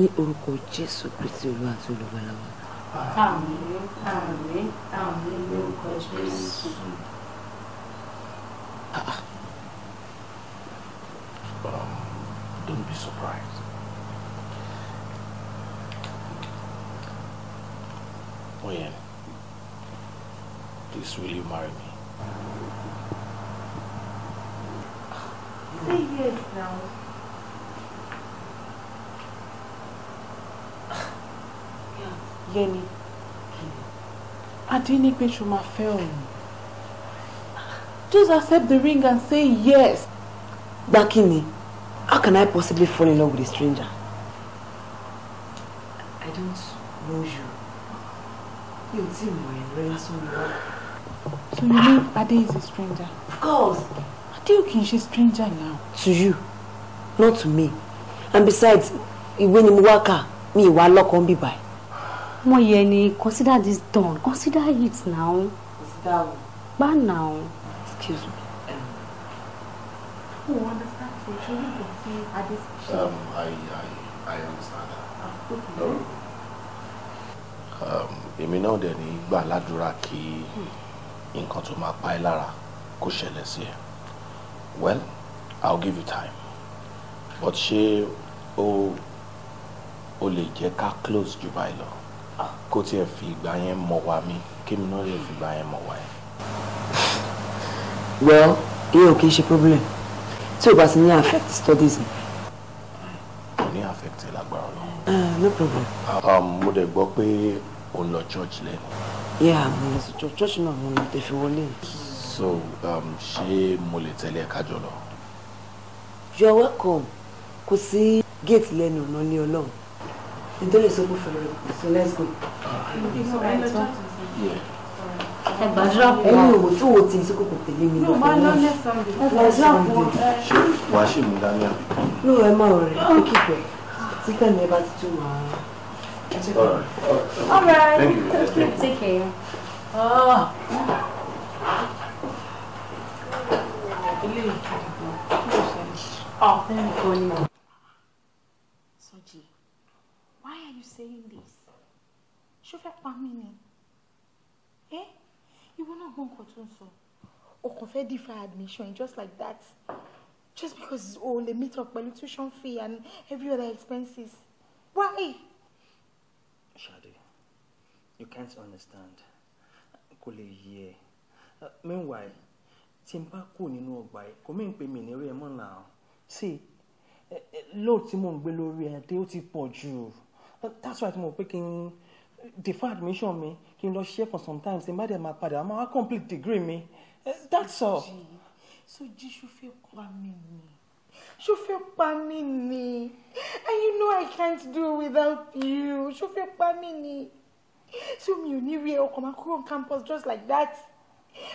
ní orúkọ jésù kristi olúwa àti jésù. Ah, ah. Um, don't be surprised. Oyen, oh, please will you marry me? Say yes now. Yẹmi adé ní pé ṣo máa fẹ́ òun just accept the ring and say yes. gba kí how can I possibly fall in love with a stranger. I don't know you mi ò tí ì mọ̀ ẹ́ rẹ wá. so you mean Ade is a stranger. of course. Ade ò kì í ṣe stranger now. to you not to me and besides ìwé ni mo wá kà mi ìwà lọ́kàn bíbáyìí yeni consider this done. Consider it now. Consider what? But now. Excuse me. Um, oh, um, I, I, I understand that. Ah, no. Um, èmi náà dẹ̀ ní gbà ládùúrà kí hmm. nǹkan tó máa pa ẹ́ lára kó ṣẹlẹ̀ sí ẹ. Well, I'll give you time. But she, o o lè jẹ́ close jù báyìí lọ? kó tiẹ̀ fi ìgbà yẹn mọ̀ wá mi kémi náà lè fi ìgbà yẹn mọ̀ wá yẹn. well ìyẹn ò kì í ṣe problem tí o bá ti ní affect studies ni. kò ní affect lágbára lọ. Ah, no problem. Um, mo dẹ̀ gbọ́ pé o lọ church lẹ́nu. yeah mo lọ sí church church náà mo lọ tẹ̀ fi wọlé. so um, ṣé mo lè tẹ̀lé ẹ̀ka jọ lọ. you are welcome kò sí gate lẹ́nu ọ̀nà ilé ọlọ́run Ito is open for So let's go. Ẹgbàdúrà fún wa. Ẹni òwò tí òwò ti ìsókò kò tẹ̀lé mi lọ fún mi. Ẹgbàdúrà fún wa. Ṣé wàá ṣì mú dání àbí? Ló ẹ máa rẹ̀ ó kìpẹ̀. Tí tẹ̀mí ẹ bá ti tún máa. All right. Thank you. (laughs) Take care. Oh. Ilé ìtura. Oh, ah, thank you. ṣó fẹ́ pa mí ni ẹ eh? ìwọ náà gbọ́ nǹkan tó ń sọ o fẹ́ defer admission just like that just because o lè meet up pẹ̀lú tuition fee and every other expenses why. Shade you can't understand kò lè yé e. meanwhile tí n bá kú nínú ọgbà ẹ kò mí n pè mí ní rí ẹ mọ́ náà sí lóòótí mò ń gbé lórí ẹ dé ó ti pọ̀ jù that's why mo pé kí n defer admission mi kí n lọ ṣe for some time ṣe má dẹ̀ máa padà máa complete degree mi eh, that's all. So ṣó fẹ́ pa mí ni ṣó fẹ́ pa mí ni and you know I can't do without you ṣó fẹ́ pa mí ni so mi ò ní rí ẹ ọkọ̀ máa kúrò on campus just like that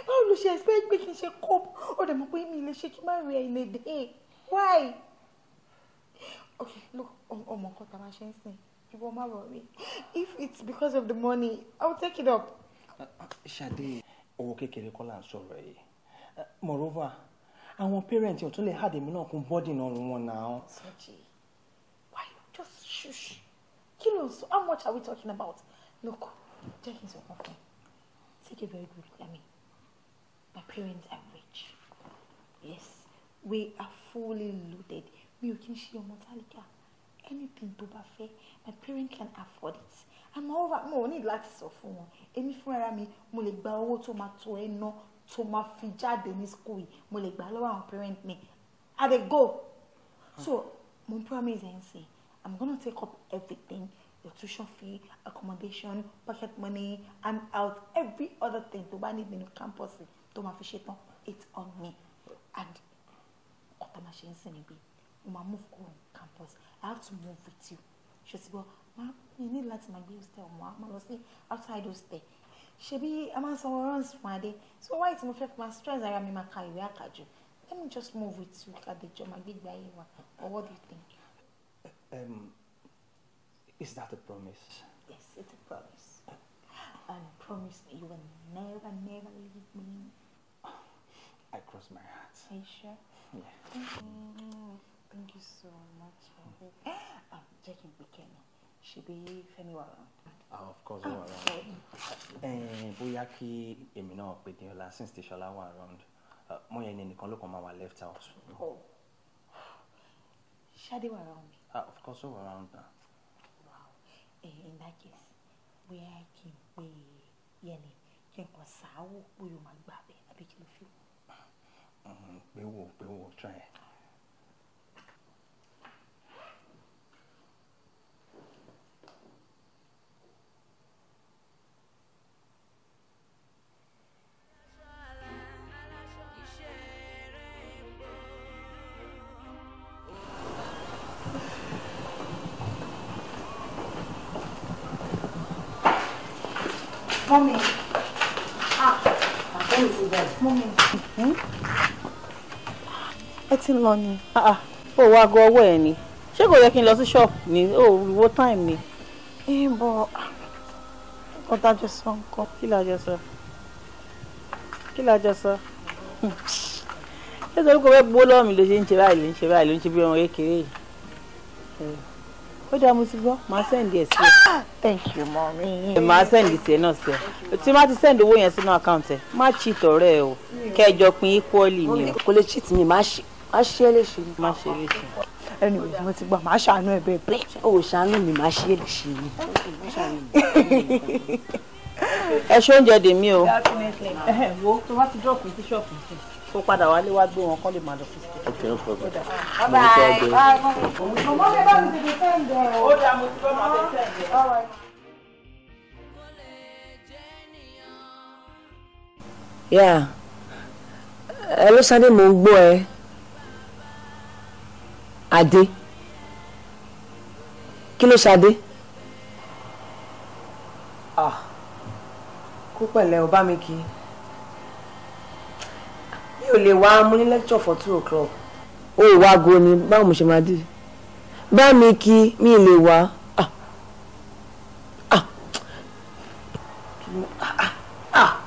báwo ló ṣe expect pé kí n ṣe cope ó dẹ̀ mọ̀ pé mi lè ṣe kí n má rí ẹ in a day why okay look ọmọ nǹkan tá a máa ṣe ń sìn You will marry me. If it's because of the money, I'll take it up. Uh, uh, Ṣadé, owó kékeré kọ́ là ń sọ̀rọ̀ uh, Moreover, àwọn parent yóò tún lè hàdè mí náà kún bọ́dì náà rún wọn náà. Sọ́jì, why you just shush? Kilos. How much are we talking about? Look, take kí n Take a very good look at me. My parents are rich. Yes, we are fully loaded. Mi ò kí ń ṣe ọmọ anything to buffet, my parents can afford it and moreover mo only ní láti sọ fún wọn èmi fúnra mi mo lè gba owó tó máa tó ẹ ná tó máa fi jáde ní i dey go so mo promise ẹ̀ ń sìn i'm gonna take up everything your tuition fee accommodation pocket money and out every other thing to buy need nínú campus To máa fi it's on me and ọ̀tá máa ṣe ń sìn níbí mo move on campus I have to move with you She ti "Well, máa mi ní láti máa gbé hostel mọ́ a máa lọ sí outside hostel ṣebí a máa ń sanwó runs fún adé so why is mo fẹ́ fi máa stress ara mi máa ka ìwé àkàjù let me just move with you kàdéjọ máa gbégbé ayé wa or what do you think. Um, is that a promise? Yes, it's a promise. And promise me you will never, never leave me. I cross my heart. Are you sure? Yeah. Mm-hmm. Thank you so much I'm taking weekend, She be Femi around. Ah, of course, I'm ah, around. Eh, bóyá kí èmi náà pè dín ọ̀la since Tíṣọlá wà around. Ah, mo yẹn nìkan ló kàn máa wà left out. Oh. Ṣadé wà around. Ah, of course, ó wà around now. Wow. Eh, in that case, bóyá kí n pè Yẹni kí n kàn sáà wò bóyá o máa gbà bẹ́ẹ̀ àbí kí ló fi mm, Pé wò pé wò try. Mọ́mí. Àkọ́yìn ti bẹ̀rẹ̀. Mọ́mí. Ẹ ti ń lọ ni. Ah, ah. Ó wá aago ọwọ́ ẹ̀ ni. Ṣé kò yẹ kí n lọ sí ṣọ́ọ̀bù ni? Ó wo time ni. Ẹ eh, bọ̀ ọ̀tá jọ sọ nǹkan. Kí la jọ sọ? Kí la jọ sọ? Ṣé torí kò fẹ́ gbó lọ́wọ́ mi ló ṣe ń ṣe báyìí ló ń ṣe báyìí ló ń ṣe bí ọmọ kékeré yìí? ó dá mo ti gbọ́ màá sẹ́ǹdì ẹ̀ sí ẹ. thank you mọ̀mí. màá sẹ́ǹdì tiẹ̀ náà sí ẹ tí má ti sẹ́ǹdì owó yẹn sínú àkáǹtì ẹ má cheat ọ̀rẹ́ ẹ o kẹjọ pin equally ni o. kò lè cheat mi má ṣe má ṣe é léṣe ni. má ṣe é léṣe. anyway mo ti gbọ́ màá ṣàánú ẹ bẹ́ẹ̀ bẹ́ẹ̀. o ò ṣàánú mi má ṣe é léṣe ni. ẹ ṣe oúnjẹ dèmi o. wo tó bá ti dọ̀kun tó padà wálé wá gbé wọn kọ́ lè máa lọ sí. ok no problem. bye bye. mo mọ bẹ́ẹ̀ bá mi ti di fẹ́ǹdẹ̀ o. ó dà mo ti bá máa bẹ fẹ́ǹdẹ̀. yà ẹ ló sáré mò ń gbọ́ ẹ adé kí ló ṣadé. ah kó pẹ̀lẹ́ ọba mi kì í mi ò lè wá mo ní lecture for two o'clock. o ò wá go ni báwo mo ṣe máa dì bá mi kí mi lè wá. Ah, ah.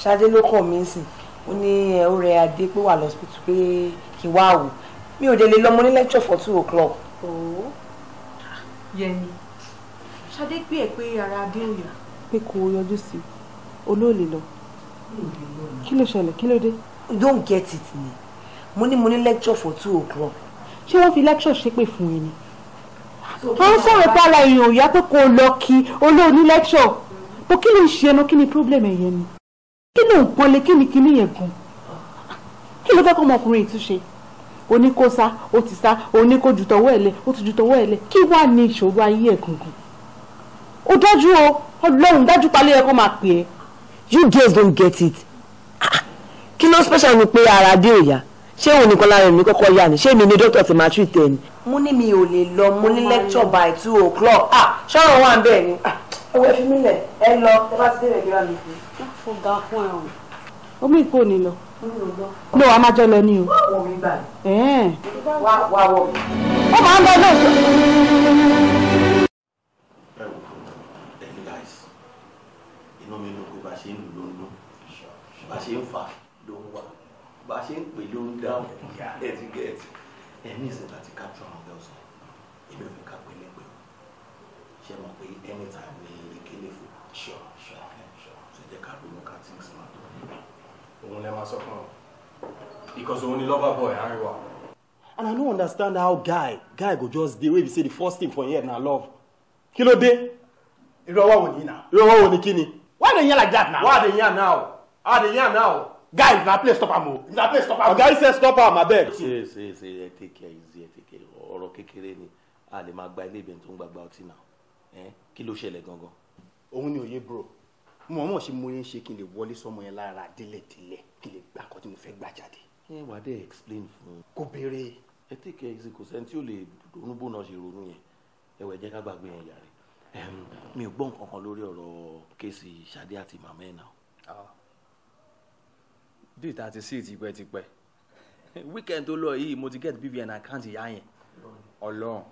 ṣadé ló kàn mí sìn ó ní ó rẹ adé pé wà lọ́sibítù pé kí n wá wò mi ò dé lè lọ ní lecture for two o'clock. Oh. yẹni ṣadé gbé ẹ pé ara adé ò yá pé kò yọjú sí olóòlè lọ kí ló ṣẹlẹ̀ kí ló dé. don't get it ni mo ní mo ní lecture for two o'clock. ṣé wọ́n fi lecture ṣépè fún ẹ ni wọ́n sọ̀rọ̀ pé ara èèyàn ò yá pé kò lọ kí olóòní lecture bó kí ló ń ṣe ẹnu kí ni problem ẹ̀yẹ ni kí ló ń pọnlé kí ni kíní yẹn gùn kí ló fẹ́ kọ́ ọmọkùnrin ìtúnṣe oní kó sá ó ti sá oní kó ju tọwọ́ ẹ̀ lẹ̀ ó ti ju tọwọ́ ẹ̀ lẹ̀ kí wàá ní ìṣòro ayé ẹ̀ gùngùn ó dájú o ọlọ́run dájú palẹ̀ ẹ̀kọ́ máa pè é. you guys don't get it. Ah, kí ló special ni pé ara dé òyà ṣé òun nìkan lára ẹ̀mí kọ́kọ́ yá ni ṣé èmi ni dókítà ti máa treat ẹni. mo ní mi ò lè lọ mo ní lecture by two o'clock ah ṣọ́run wà ń bẹ̀ ni ah, ẹwẹ́ fi mí lẹ̀ ẹ lọ ẹ bá ti dé nàìjíríà mi. ó ga fún ẹ o omi ìkó ni lọ. ló wàá má jọ lọ ní o. wọ́n mi gbà. wá wá wọ̀ mi. ó máa ń bọ́ lóòótọ́. bá ṣe ń fà ló ń wá bá ṣe ń pè ló ń dáhùn ẹtí gẹẹtì ẹni ìsìn láti kápẹ́ ọmọ ọ̀gá ọ̀sán èmi ò fi ká pé o ṣe mọ̀ pé anytime ni ìkéde fò ṣọ ṣọ ṣe jẹ́ ká ronú ká tí ń sin àtọ́. òun lè máa sọ fún ọ because òun ni lover boy àríwá. and i no understand how guy guy go just dey wey be say the first thing for him head na love kí ló dé. irọ́ wa wò ní na. irọ́ wa wò ní kí ni. why dey yarn like that now. why dey yarn now ah dey yarn now. guys na place stop am o na place stop am. oga say stop am abeg. See, see, see. ẹ take care easy ẹ take care ọ̀rọ̀ kékeré ni a lè máa gba ilé ìbẹ̀rù tó ń gbàgbà ọtí náà kí ló ṣẹlẹ̀ gangan. òun ni òye bro mo mọ̀ ṣe mo yẹn ṣe kí n lè wọlé sọmọ yẹn lára délẹ̀délẹ̀ kí n lè gbà kọ́ tí mo fẹ́ gbà jáde. ẹ wà á dẹ explain fún un. kò béèrè. ẹ take care easy kò sẹ́ni tí ò lè ronú bó náà ṣe ronú yẹn ẹ wẹ̀ jẹ́ ká gbàgbé yẹn yàrá mi ò gbọ́ nǹkan lórí ọ̀rọ̀ kéèsì Ṣadé àti màmá ẹ̀ náà. Ah dé ìta ti sí tipẹ́tipẹ́ weekend tó lọ yìí mo ti get BVN account ìyá yẹn ọlọ́run.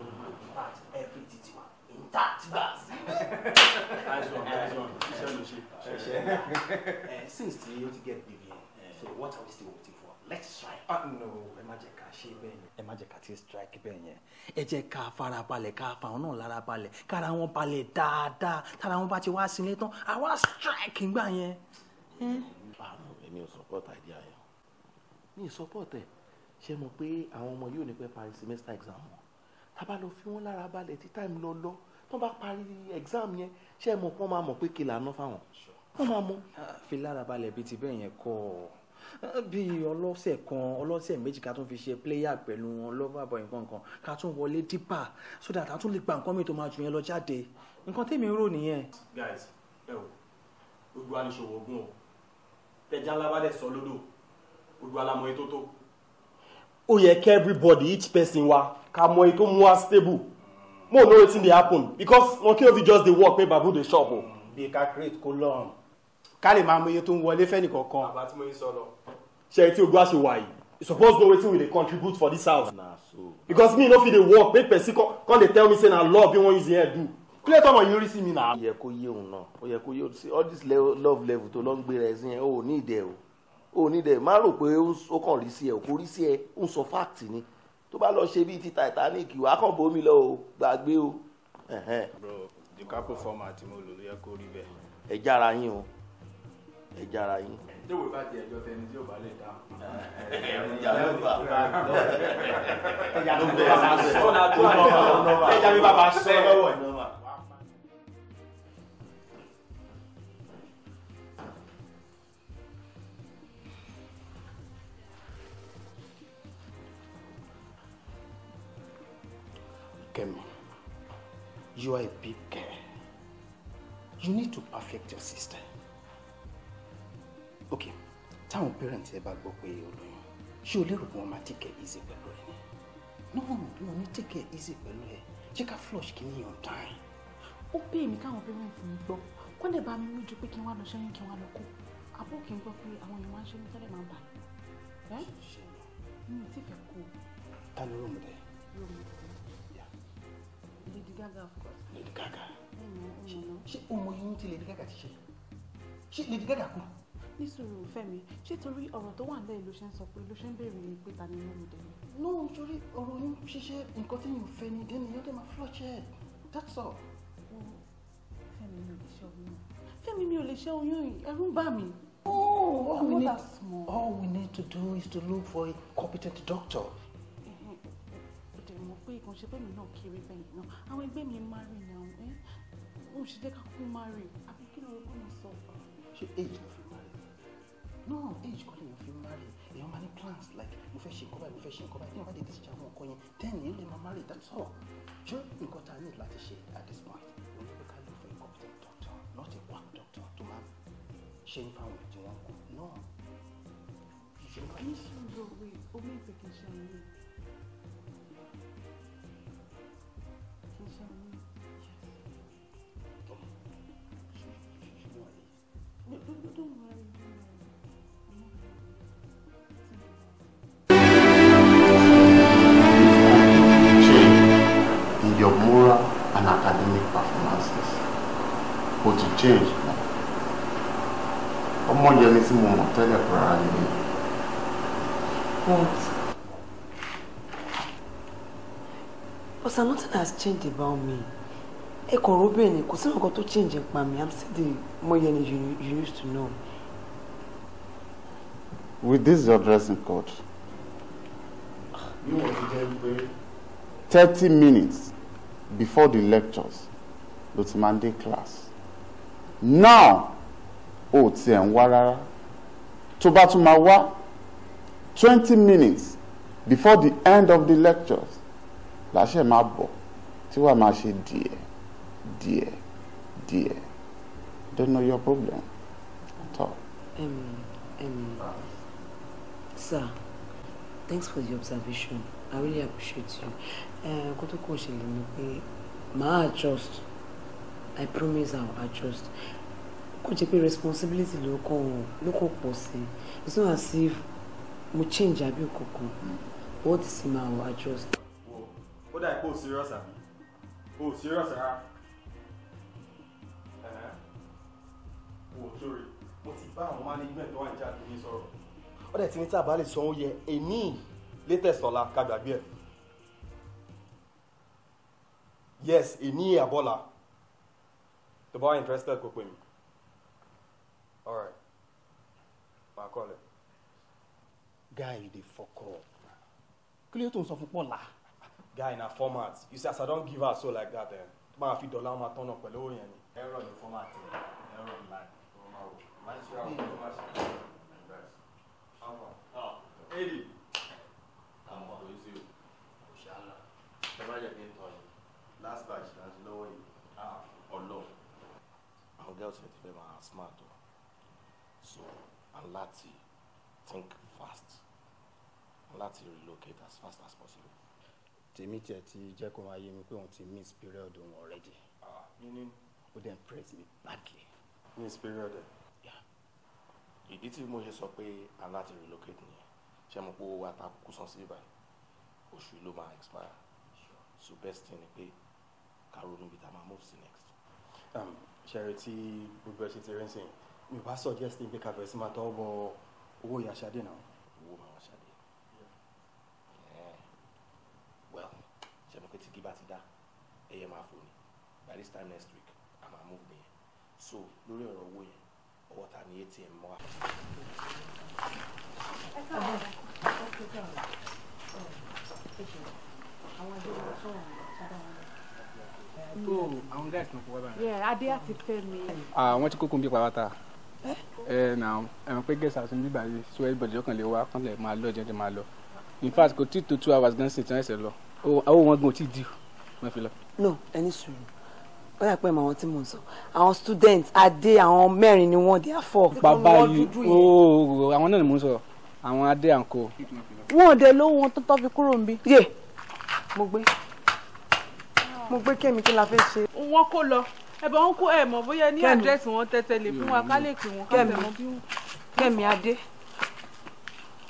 since ti o ti get BVN eh, so what are we still waiting for let's strike. ah no ẹ má jẹ́ ká ṣe bẹ́ẹ̀ yẹn. ẹ má jẹ́ ká ti strike bẹ́ẹ̀ yẹn ẹ jẹ́ ká farabalẹ̀ ká fàwọn náà lára balẹ̀ kára wọn balẹ̀ dáadáa tára wọn bá ti wá sílé tán àwa strike ńgbà yẹn. Eh? mi ò support idea yẹn mi support ẹ̀ ṣe mọ̀ pé àwọn ọmọ yóò ní pẹ́ parí semester exam wọn tábà lọ fi wọn lára balẹ̀ tí time lọ lọ tó bá parí exam yẹn ṣe mọ̀ pé wọ́n máa mọ̀ pé kí lànà fáwọn wọ́n máa mọ̀. Ah, fi lára balẹ̀ bíi ti bẹ́ẹ̀ yẹn kọ́ ọ ah, bíi ọlọ́sẹ̀ kan ọlọ́sẹ̀ méjì ká tún fi ṣe pléyà pẹ̀lú wọn lọ́wọ́bọ̀ nǹkan kan ká tún wọlé dípà so that a tún lè gba nǹkan mi tó máa jù yẹn lọ jáde nǹkan tèmi rò nìyẹn. guys ẹ o gbogbo aníṣòwò ogun o tẹja ńlá odò alamọ ètò tó. ó yẹ kí everybody each person wa ká mọ ètò mú wa stable mo know wetin dey happen because wọn kí o fi just dey work pay babu dey shop o. bí ká create kó lọ́rùn ká lè máa mọ iye tó ń wọlé fẹ́ni kankan. àbá tí mo yín sọ̀rọ̀. ṣe tí ogun àṣẹ wà yìí you suppose know wetin we dey contribute for dis house. na so. because me no fit dey work make person come dey tell me say na love wey wan use im head do kílẹ̀ tọmọ yìí lórí sí mi náà. ó yẹ kó yé òun náà ó yẹ kó yé òun sí all this love level tó lọ ń gbé rẹ sí yẹn ó ní ìdẹ o ó ní ìdẹ má rò pé ó kàn rí sí ẹ kò rí sí ẹ ó ń sọ fáàtì ni tó bá lọ ṣe bíi ti Titanic wà á kàn bómi lọ o gbàgbé o. bro DiCaprio format tí mo lò ló yẹ kó rí bẹ́ẹ̀. ẹ jára yín o ẹ jára yín. déwò bá di ẹjọ́ tẹni tí ò bá lè dá. ẹjà ló bá ẹjà ló bá ẹjà ló bá bá bá ẹjà ló You are a big girl. You need to perfect your sister. Okay, táwọn parents ẹ bá gbọ́ pé olóyún ṣé o lérò pé wọ́n take it easy pẹ̀lú No, ni? No, no, ní take it easy pẹ̀lú ẹ. Jẹ́ ká flush kí ni on time. Ó pè mí káwọn parents mi gbọ́. Kọ́ When they buy me, me pé kí n one lọ ṣẹ́yìn kí n wá lọ kú. Àbó kì í gbọ́ pé àwọn èèyàn máa ń ṣe ní tẹ́lẹ̀ Take ń cool. Ẹ́ mi room there. fẹ́ kú lady gaga mm, mm, mm, ṣé ọmọ yín ti lady gaga ti ṣe ṣé lady gaga kú. ní fẹ́mi ṣé torí ọ̀rọ̀ tó wà nílẹ̀ ló ṣe ń sọ pé ló ṣe ń béèrè pé ta ni lóru dẹ̀. no nítorí ọ̀rọ̀ yín ṣiṣẹ́ nǹkan tí mi ò fẹ́ ni dẹ́ni yóò dẹ̀ máa flush ẹ̀ that's all. fẹ́mi mi ò lè ṣe oyún fẹ́mi mi ò lè ṣe oyún yìí ẹ̀rù ń bà mí. oh all we need to do is to look for a competent doctor ń ṣe bẹ́ẹ̀ mi náà kéré bẹ́ẹ̀ náà àwọn ẹgbẹ́ mi máa rí ni àwọn ẹ́ ó ń ṣe jẹ́ ká kú máa rí àbí kí lóore kó mi sọ. ṣé age ló fi máa rí no age kọ́ lèèyàn fi máa rí èèyàn máa ní plans like mo fẹ́ ṣe nǹkan báyìí mo fẹ́ ṣe nǹkan báyìí níwájú ìdí ìṣe àwọn nǹkan yẹn then èèyàn lè máa marry that's all ṣé nǹkan tá a ní láti ṣe at this point òun ló ká ló fẹ́ competent doctor not a quack doctor tó máa ṣe ń fáwọn ìdí wọn kù náà. ìṣèlú omi ìpèkìṣẹ́ yìí change now ọmọ yẹmi tí mo mọ̀ tẹ́lẹ̀ kura ara nílé but Sir, nothing has changed about me. Ẹ kàn rò bẹ́ẹ̀ ni, kò sí nǹkan change pa mi. I'm still the Moyeni you, you used to know. With this your dressing code. You want to then pay? Thirty minutes before the lectures ló Monday class. Now, o ò Warara, ń wá rárá. twenty minutes before the end of the lectures láṣẹ máa bọ̀ tí wàá máa ṣe díẹ̀ díẹ̀ díẹ̀ don't know your problem at all. Um, um, sir thanks for the observation i really appreciate you eh, kó tó kàn ṣẹlẹ̀ ni pé màá adjust i promise i will adjust kò jẹ́ pé responsibility ló kàn ló kàn pọ̀ sí i it's not as if mo change àbí òkùnkùn what is my adjust dà pé o serious àbí o serious rárá wò sórí mo ti bá àwọn management tó wà ní jáde ní sọ̀rọ̀. ó dẹ̀ ti ní tí a bá lè sanwó yẹ èmi latest ọ̀la ká gbàgbé ẹ̀ yes èmi àbọ̀là tó bá wà interested kó pè mí alright màá kọ́ lẹ̀. guy you dey fọkọ kí ló tó ń sọ fún pọ́ọ̀lá guy in her format you see as i don give her so like that eh máa fi dọ̀là máa tọ́nà pẹ̀lú owó yẹn ni. ẹ̀rọ ni format ẹ̀ ẹ̀rọ ni line ọmọ máa wò máa ṣe àwọn ọmọ máa ṣe àwọn ọmọ. èdè àwọn ọmọ yìí sí o kò ṣe àlà ẹ má jẹ kí n tọ yìí last batch náà ti lọ́wọ́ yìí ah, ọlọ. àwọn girls yẹn ti fẹ́ máa smart o so and láti think fast and láti relocate as fast as possible tèmi tiẹ̀ ti jẹ́ kó máa mi pé òun ti miss period òun already. ah meaning. ó dẹ̀ impress me badly. miss period yeah. ìdí tí mo ṣe sọ pé a láti relocate nìyẹn ṣé mo pé owó àtàkùn san sí ibà oṣù ló máa expire so best thing ni pé ká ronú bí ta máa move sí next. Um, ṣẹ̀rí tí gbogbo ẹ̀ ṣe ti rẹ́sìn mi ò bá suggest pé ká bẹ̀rẹ̀ sí máa tọ́ bọ owó ìyá Ṣadé náà. bá ti dá ẹyẹ máa fò ní by this time next week a máa mú nìyẹn so lórí ọ̀rọ̀ owó yẹn ọwọ́ ta ni atm mọ́ wa. ẹ káàbọ̀ ọ́ kí káàbọ̀ àwọn tí kókó ń bí pa ta ẹ na ẹ mọ̀ pé gẹ̀ẹ́sì àti bíbá yìí so everybody ọkàn lè wá kán lè máa lọ jẹ́jẹ́ máa lọ in fact kò tí tó two hours gan sí tí wọ́n lọ àwọn wọn gan ti di wọn fi lọ. no ẹni sùúrù wọ́n yà pé màá wọn tí mò ń sọ àwọn student adé àwọn mẹ́rin ni wọ́n di afọ. bàbá yìí ooo àwọn náà ni mò ń sọ àwọn adé à ń kó. wọn ò dé lówó wọn tó tọ́ fi kúrò níbí. yé mo gbé mo gbé kémi kí la fẹ́ ṣe. wọn kò lọ ẹbọ ń kó ẹ mọ̀ bóyá ní àdírẹ́sì wọn tẹ́tẹ́ lè fún wa ká lè pè wọn ká tẹ̀ wọn bí wọn. kẹ́mi adé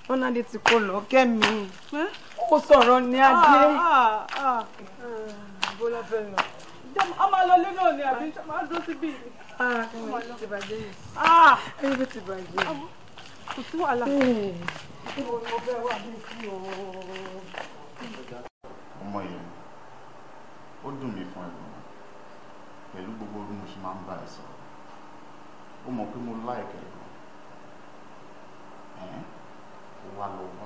wọn náà lè ti kó lọ kẹ́mi kó sọ̀rọ̀ ní adé. Ah, ah, ah. hmm, bọ́lá fẹ́ lọ. a máa lọ lẹ́nu òní àbí máa dúró síbí. ẹni tí bàjẹ́ yìí. ẹni tí bàjẹ́ yìí. kò sí wàhálà. ìwọ eh. ni mo fẹ́ wà ní ìsú ooo. ọmọ yìí ó dùn mí fún ẹ̀gbọ́n pẹ̀lú gbogbo orí mo ṣe máa ń bá ẹ sọ̀rọ̀ ó mọ̀ pé mo láìkẹ́ ẹ̀gbọ́n ó wá lọ wá.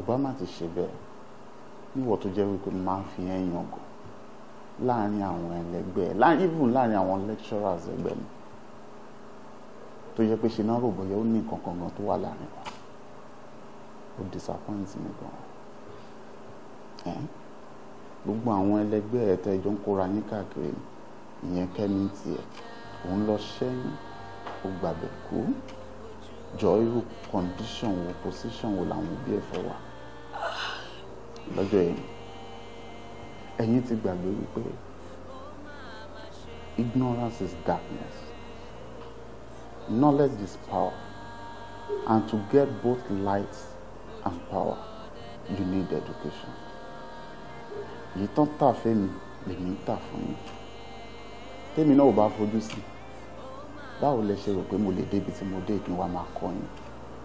Obama ti ṣe bẹ́ẹ̀ níwọ̀ tó jẹ́ wípé mo máa ń fi yẹn yàn gò láàrin àwọn ẹlẹgbẹ́ láàrin even láàrin àwọn lecturers ẹgbẹ́ mi tó yẹ pé ṣe náà rò bóyá ó ní nǹkan kan gan tó wà láàrin wa ó disappoint mi gan gbogbo àwọn ẹlẹgbẹ́ ẹ̀ tẹ́ ń kóra yín káàkiri ìyẹn kẹ́mi tiẹ̀ òun lọ sẹ́yìn ó gbàgbẹ́ kú jọ irú condition wo position wo làwọn òbí ẹ̀ fẹ́ wà lọ́jọ́ yìí ẹ̀yin ti gbàgbé wípé ignorance is darkness knowledge is power and to get both light and power you need education èyí tán tà fẹ́mi lèmi ń tà fún yín tèmi náà ò bá fojú sí báwo lẹ ṣe rò pé mo lè débi tí mo dé kí n wá máa kọ́ yín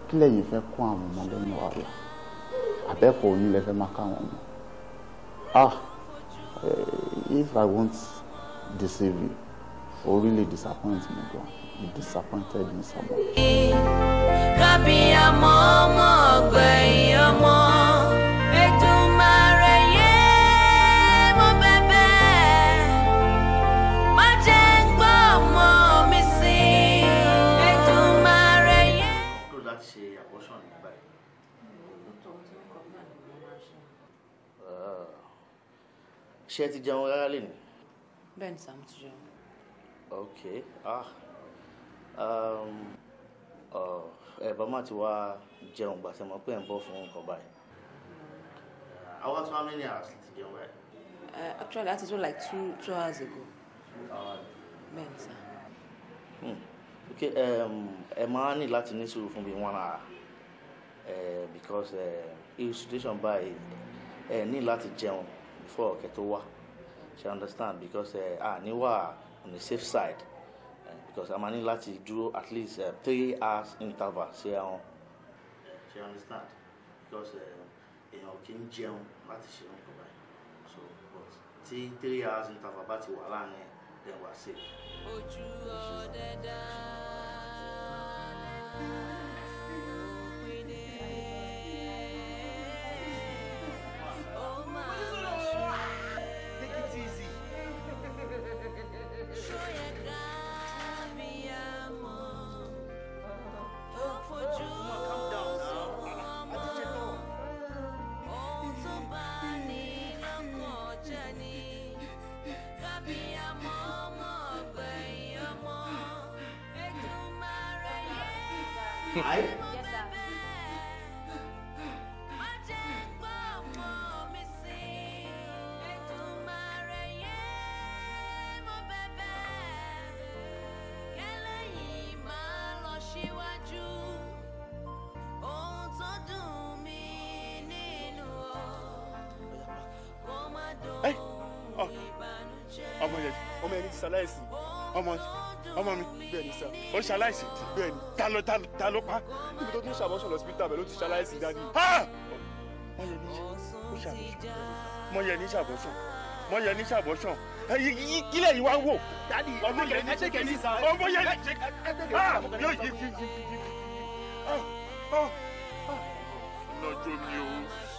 kí lẹ́yìn fẹ́ kó àwọn ọmọ lẹ́yìn wàhálà abẹ́kọ̀ọ́ yín lẹ́fẹ́ máa káwọn ọmọ ah uh, if I want deceive you o really disappoint me gan you disappointed me so much. kábí ọmọ ọgbẹ̀yìn ọmọ ṣé ẹ ti jẹun rárá lè ní. bẹ́ẹ̀ ni sam ti jẹun. ok ah um, ẹ bá má ti wá jẹun gbàtẹ mọ pé ẹ ń bọ̀ fún nǹkan báyìí. àwọn tó wá mí ní ti jẹun rẹ. actually that is all like two two hours ago. bẹ́ẹ̀ ni sam. Hmm, ok um, ẹ máa ní láti ní sùúrù fún mi wọn náà because uh, illustration báyìí ẹ ní láti jẹun before ọ̀kẹ́ tó wá ṣe understand because ẹ à ní wà on the safe side uh, because a máa ní láti dúró at least uh, three hours interval sí ẹran. she understand because èèyàn kì í jẹun láti ṣe nǹkan báyìí so but tí three hours interval bá ti wà láàrin ẹ̀ then we are safe. ojú ọ̀dẹ̀dá. ṣaláìsí ọmọ ọmọ mi bẹ́ẹ̀ ni sá ó ṣaláìsí bẹ́ẹ̀ ni ta ló ta ló pa níbi tó tún ṣàbọ̀ṣọ̀ lọ síbítà bẹ́ẹ̀ ló ti ṣaláìsí dáadé mọ̀yẹ̀ni ṣàbọ̀ṣọ̀ mọ̀yẹ̀ni ṣàbọ̀ṣọ̀ kílẹ̀ yìí wá ń wò ọmọ yẹn ní ṣèkè ní sá ọmọ yẹn ní ṣèkè yóò yí yí yí yí lọ́jọ́ mi ò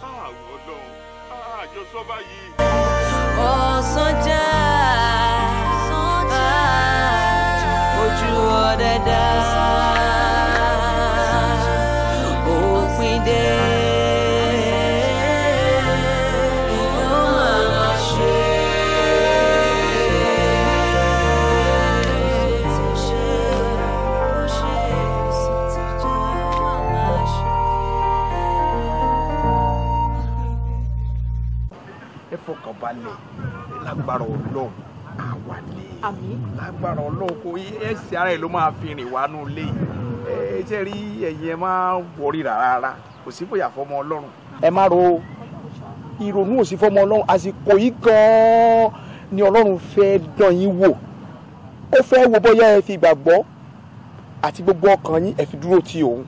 àwọn ọlọ́run àjọsọ báyìí. ọ̀sán jẹ́. you are. àmín. lágbára ọlọ́ọ̀kọ ẹ̀sìn ara ẹ̀ ló máa fi rìn wá nù lé ẹ ṣe rí ẹ̀yin ẹ máa wọrí rárá kò sí bóyá fọmọ ọlọ́run. ẹ má ro ìrònú ò sí fọmọ ọlọ́run àsìkò yìí gan-an ni ọlọ́run fẹ́ dán yín wò ó fẹ́ wo bóyá ẹ fi gbàgbọ́ àti gbogbo ọkàn yín ẹ fi dúró ti òun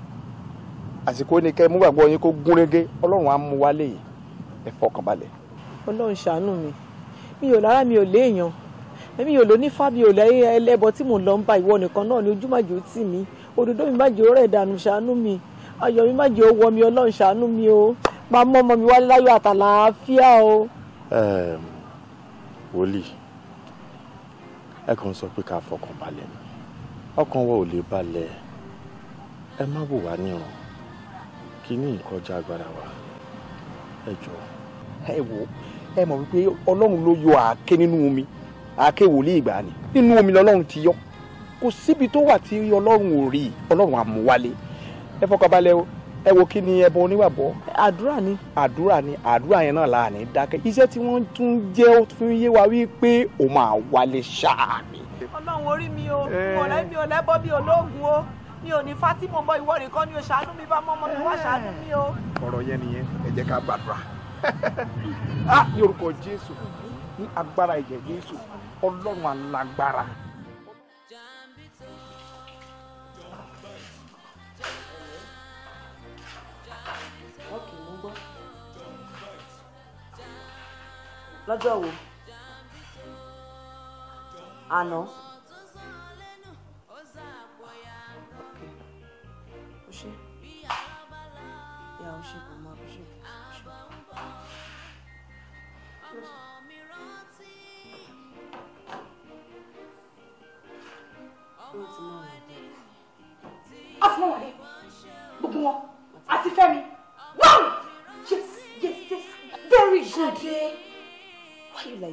àsìkò ni kẹ́ mú gbàgbọ́ yín kó gún régé ọlọ́run á mú wálé yìí ẹ fọkàn balẹ̀. ọlọ́run ṣàánú mi mi ò lára mi ò léèyàn èmi yóò lọ ní fábíò lẹ́yìn ẹlẹ́bọ tí mò ń lọ ń bá ìwọ nìkan náà ni ojú màjò tì mí òdòdó mi màjò rẹ̀ dànù ṣàánú mi ayọ̀ mi màjò wọ mi ọlọ́run ṣàánú mi o máa mọ́ ọmọ mi wálé láyọ̀ àtàlàáfíà o. wòlíì ẹ kàn sọ pé ká fọkàn balẹ̀ ni ọkàn wa ò lè balẹ̀ ẹ má wò wá níran kí ní ìkọjá agbára wa ẹ jọ. ẹ wò ẹ mọ̀ wípé ọlọ́run ló yọ àáké nínú omi àáké wòlíì ìgbà ni nínú omi lọ́lọ́run ti yọ kò síbi tó wà tí ọlọ́run ò rí ọlọ́run àmúwálé ẹ fọkànbalẹ̀ o ẹ wo kí ni ẹbọ oníwàbọ. àdúrà ni. àdúrà ni àdúrà yẹn náà la ní dákẹ́. iṣẹ́ tí wọ́n tún jẹ́ ó yé wa wípé ó máa wálé ṣáà ni. ọlọ́run orí mi o ọ̀rẹ́ mi ò lẹ́bọ bí olóògùn o mi ò ní fatima ọmọ ìwọ nìkan ni o ṣàánú mi bá mọ ọmọ mi wá ṣàánú mi o. ọ̀rọ̀ yẹn nìyẹn ẹ jẹ́ ká gbàdúrà (laughs) ah, ní orúkọ jésù ní agbára ẹ̀jẹ̀ jésù ọlọ́run alágbára. lọ́jọ́ wo àná.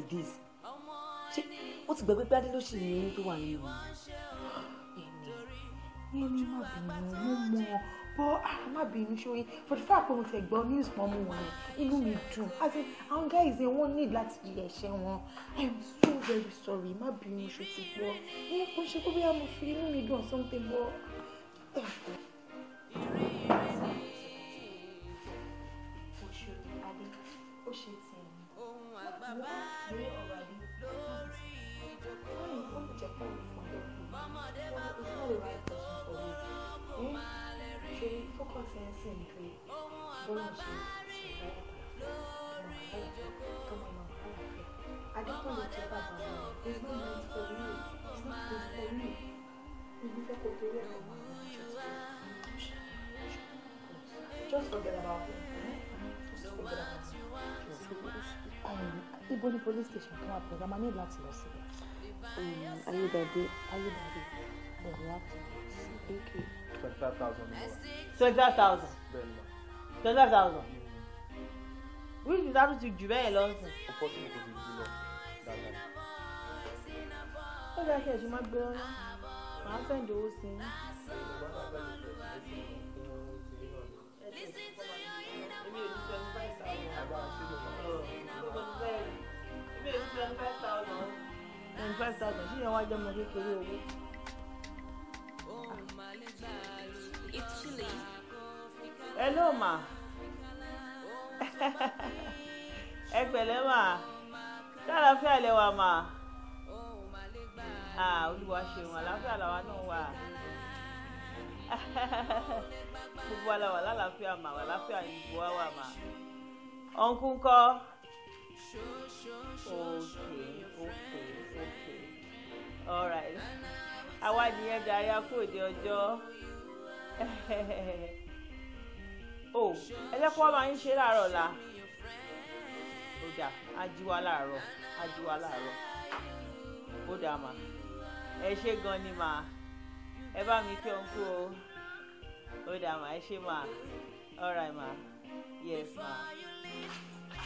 this ṣé ó ti gbàgbé gbádé ló sì ní oyún tó wà nínú mi ẹni má bínú mo mọ bọ́ ah, má bínú ṣóyún for the fact pé mo ti gbọ́ news pọ̀ mọ́ wọn inú mi dùn as in àwọn guys yẹn wọ́n need láti yẹ ẹ̀ṣẹ̀ wọn i am so very sorry má bínú ṣó ti gbọ́ ẹ kò ṣe pé bóyá mo fi inú mi dùn something bọ́. ìjọba máa ní láti lọ síbẹ̀. ayédèdè mm, ayédèdè bẹ̀rù àpò ak. twenty five thousand. twenty five thousand. twenty five thousand. wíìlì sáà ti jù bẹ́ẹ̀ lọ́sìn. sí ni kò fi jù lọ dáadáa. ó dáa kí ẹ̀sùn máa gbé ọ́ máa fẹ́ǹdì owó sí i. twenty five thousand. twenty five hello ma. (laughs) ẹ pẹ̀lẹ́ ma. ṣáàlàfẹ́ àlẹ́ wa ma. olúwa ṣeun àlàáfíà làwa náà wà (laughs) gbogbo ala wà ma. mà wà láfíà wa ma. mà ọ̀nkú ńkọ́. okay okay okay alright àwa nìyẹn bí arí ọjọ́ o ẹlẹ́kọ́ ma ṣe láàárọ̀ la ó dà á láàárọ̀ gan ni mà ẹ bá mi kí ọ̀nkú o ó dà mà ẹ mà alright mà yes mà.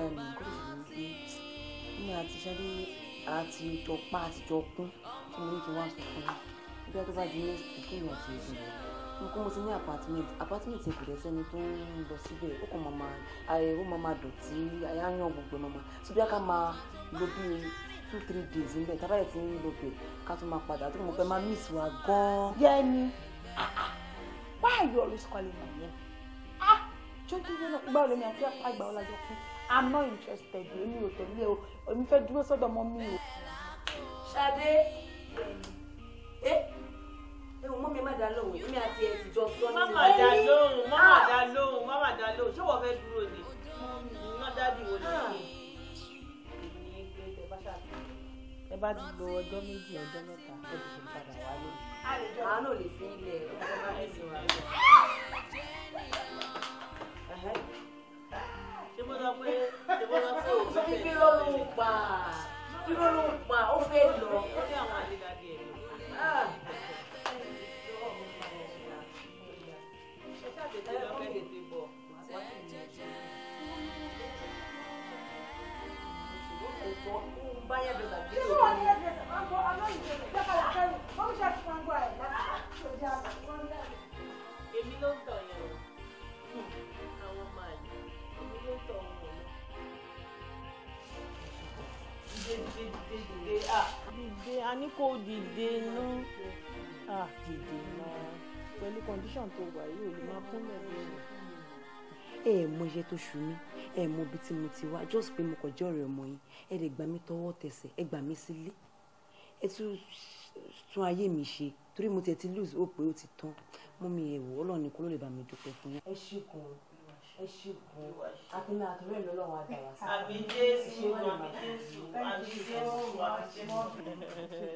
ní àtìṣẹ́dé àti ìjọpá àtijọ́ kún tí mo ní kí wọ́n sọ fún mi bí wọ́n tó bá di ní ìkéyìn àti ìgbìmọ̀ mo kó mo ti ní apartment apartment kò dẹ̀ sẹ́ni tó ń lọ síbẹ̀ ó kàn máa ó máa máa dọ̀tí ayáyàn gbogbo mama tó bí wọ́n ká máa lo bí two three days níbẹ̀ tábà yẹ ti ń lo bẹ̀ ká tó máa padà tó mọ̀ pé máa miss wa gan-an. why are you always calling my name? ah jọ́jú lọ́nà gbáwọ̀ lẹ́ni àti àgbà ọ̀làjọ́ kún i'm not interested èmi ò tẹ̀lé o èmi fẹ́ dúró sọ́dọ̀ ọmọ mi o. ṣadé ẹ ewu mọ́mi má dá lóhùn èmi àti ẹ ti jọ sọ ní. má má dá lóhùn má má ah! dá lóhùn má má dá lóhùn ṣé wọ́n fẹ́ dúró ni iná dábì wo lè ah! ṣe. ẹ bá ti lo ọjọ́ méjì ọjọ́ mẹ́ta ẹ ti fi padà wálé. àná ò lè fi ilẹ̀ ọjọ́ bá lè sọ̀rọ̀ àgbà. sọ pé ìwọ lọ sí òun fẹ́ lọ ló ń pa irọ́ ló ń pa ó fẹ́ lọ ó ní àwọn àdìgàdì ẹ̀ báyà bẹ̀rẹ̀ sí. ṣé wọ́n ní ẹgbẹ̀rún àwọn ọlọ́yin tó ń gbẹ́kọ̀ọ́ àtẹ́rù wọ́n ń ṣe àtúnwá ń gbọ́ ẹ̀ láti ṣe ìjà àgbà wọn ní àgbà. dìde dìde a ní kó dìde ní dìde náà pẹ̀lú condition tó wà yìí ò lè máa kúnlẹ̀ bẹ́ẹ̀. ẹ ẹ mọ iṣẹ tó ṣù mí ẹ mọ ibi tí mo ti wá just pé mo kàn jọ ọ̀rẹ́ ọmọ yín ẹ lè gbà mí tọwọ́ tẹsẹ̀ ẹ gbà mí sílé ẹ tún tún ayé mi ṣe torí mo tiẹ̀ ti lose hope pé ó ti tán mú mi ẹ̀wọ̀ ọlọ́ọ̀ni kó ló lè bá mi dúpẹ́ fún yín. ẹ ṣe kàn án ẹ ṣe bò ó akínní àtúrẹ́ mi ọlọ́run àgbàwá sí i. àbí jésù àbí jésù àbí jésù àbí jésù.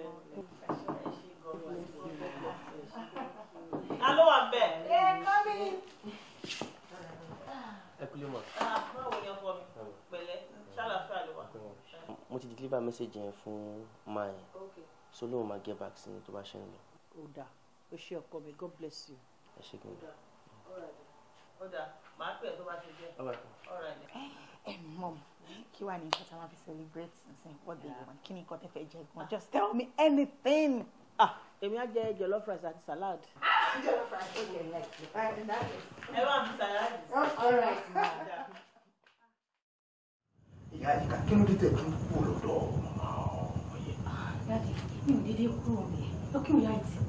alo wa bẹ. ẹ kọ́mi. ẹ kúlé mọ. Ah, báwo ni ọkọ mi pẹ̀lẹ́ ṣàlàfíà ló wà. mo ti deliver message yẹn fún máa yẹn so lóun máa get back sí mi tó bá ṣe ń lọ. ó dáa ó ṣe ọkọ mi god bless you. ẹ ṣe gbọ́dọ̀. ó dáa ó dáa màá pè ẹ́ tó bá ti jẹ́ eh, eh, kí wàá ní nǹkan tí a máa fi celebrate nsìn what you want kí ni nǹkan tẹ́ fẹ́ jẹ gan ah. just tell me anything. Ah, èmi á jẹ jollof rice àti salad. Ah, jollof rice ó lè lẹ́yìn. ẹ bá salad. Oh, ìyá ìka kí ló dé tẹ̀ tún kúrò lọ́dọ̀ ọmọ ọmọ yẹn. dáàdi mi ò dédé kúrò mi ẹ lọ́kì mi láì tì í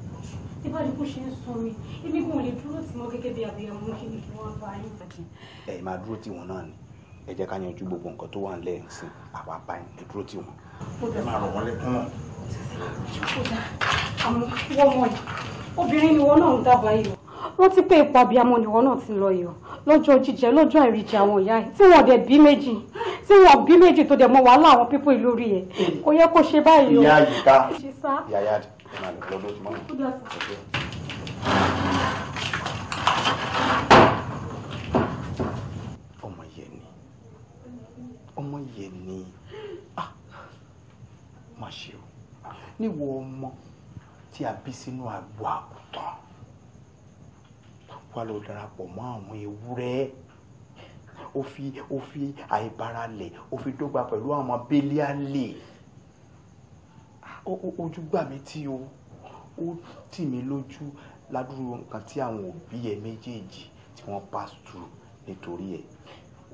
tí bá ní kó ṣe ń sun mi èmi kò lè dúró tì mọ́ gẹ́gẹ́ bí abiyamọ kí ni kí wọ́n bá yín. ẹ máa dúró tì wọn náà ni ẹ jẹ́ ká yanjú gbogbo nǹkan tó wà nílẹ̀ sí àwa báyìí ẹ dúró tì wọn. ẹ máa rọ̀ wọ́n lẹ́kún náà. àmọ́ wọ́n mọ̀ yìí obìnrin ni wọn náà ń dábàá yìí wọ́n ti pé ipò abiyamọ ni wọn náà ti lọ yìí lọ́jọ́ jíjẹ lọ́jọ́ àìríjẹ àwọn ìyá ẹ̀ tí wọ́n dẹ̀ bí méjì tí wọ́n bí méjì tó dẹ̀ mọ wàhálà àwọn pípọ̀ ìlú rí ẹ̀ kò yẹ kó ṣe báyìí o. ìyá yìí ká yàyà dì ọmọ yẹn ni ọmọ yẹn ni ah má ṣe o níwọ ọmọ tí a bí sínú agbo àgùntàn wà ló darapọ̀ mọ́ àwọn ewúrẹ́ ó fi ó fi àìbáralẹ̀ ó fi dọ́gba pẹ̀lú àwọn bẹ́líálì ojú gbà mí tí o ó tì mí lójú ládùúgbò nǹkan tí àwọn òbí ẹ méjèèjì tí wọ́n pass through nítorí ẹ̀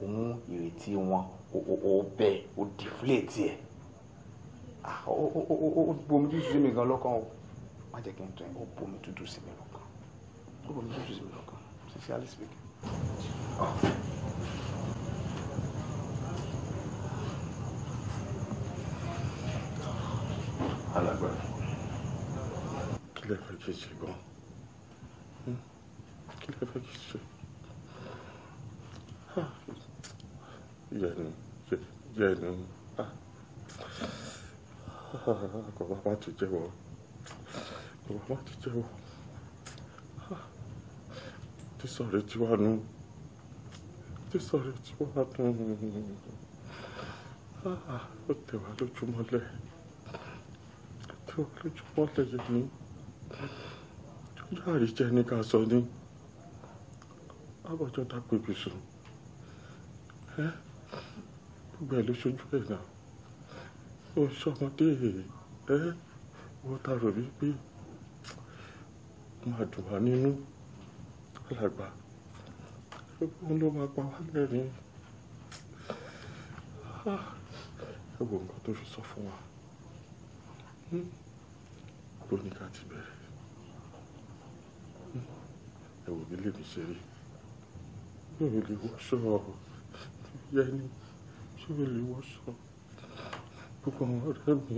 òun ìrètí wọn ó bẹ ó deflate ẹ̀ ah, ó bomi tútù sí mi gan lọ́kàn o má jẹ́ kí n tán ó bomi tútù sí mi lọ́kàn ó bomi tútù sí mi lọ́kàn sincerely speaking. Ah. 주시고 응? 기도해 주시고 하, 예능 예, 예능 아, 고마워 주제고 고마워 주제고 두 소리 좋아하는 두 소리 좋아하는 아, 어때 화를 주물래 어 대화를 주물래 얘는 jọjọ àríjẹ ní ká sọ ní abọjọ tá pèbí sùn ẹ gbogbo ẹ ló ṣojú ẹ náà ó ṣọmọdé ẹ wọ́n ta rò wípé máa dùn wá nínú alàgbà òun ló máa pa wá lẹ́rìn ah, ẹ wo nǹkan tó fi sọ fún wa lónìí hmm? ká ti bẹ̀rẹ̀ ẹ wò mí lèmi ṣe rí mi ò lè wọṣọ yẹni mi ò lè wọṣọ gbogbo àwọn ọ̀rẹ́ mi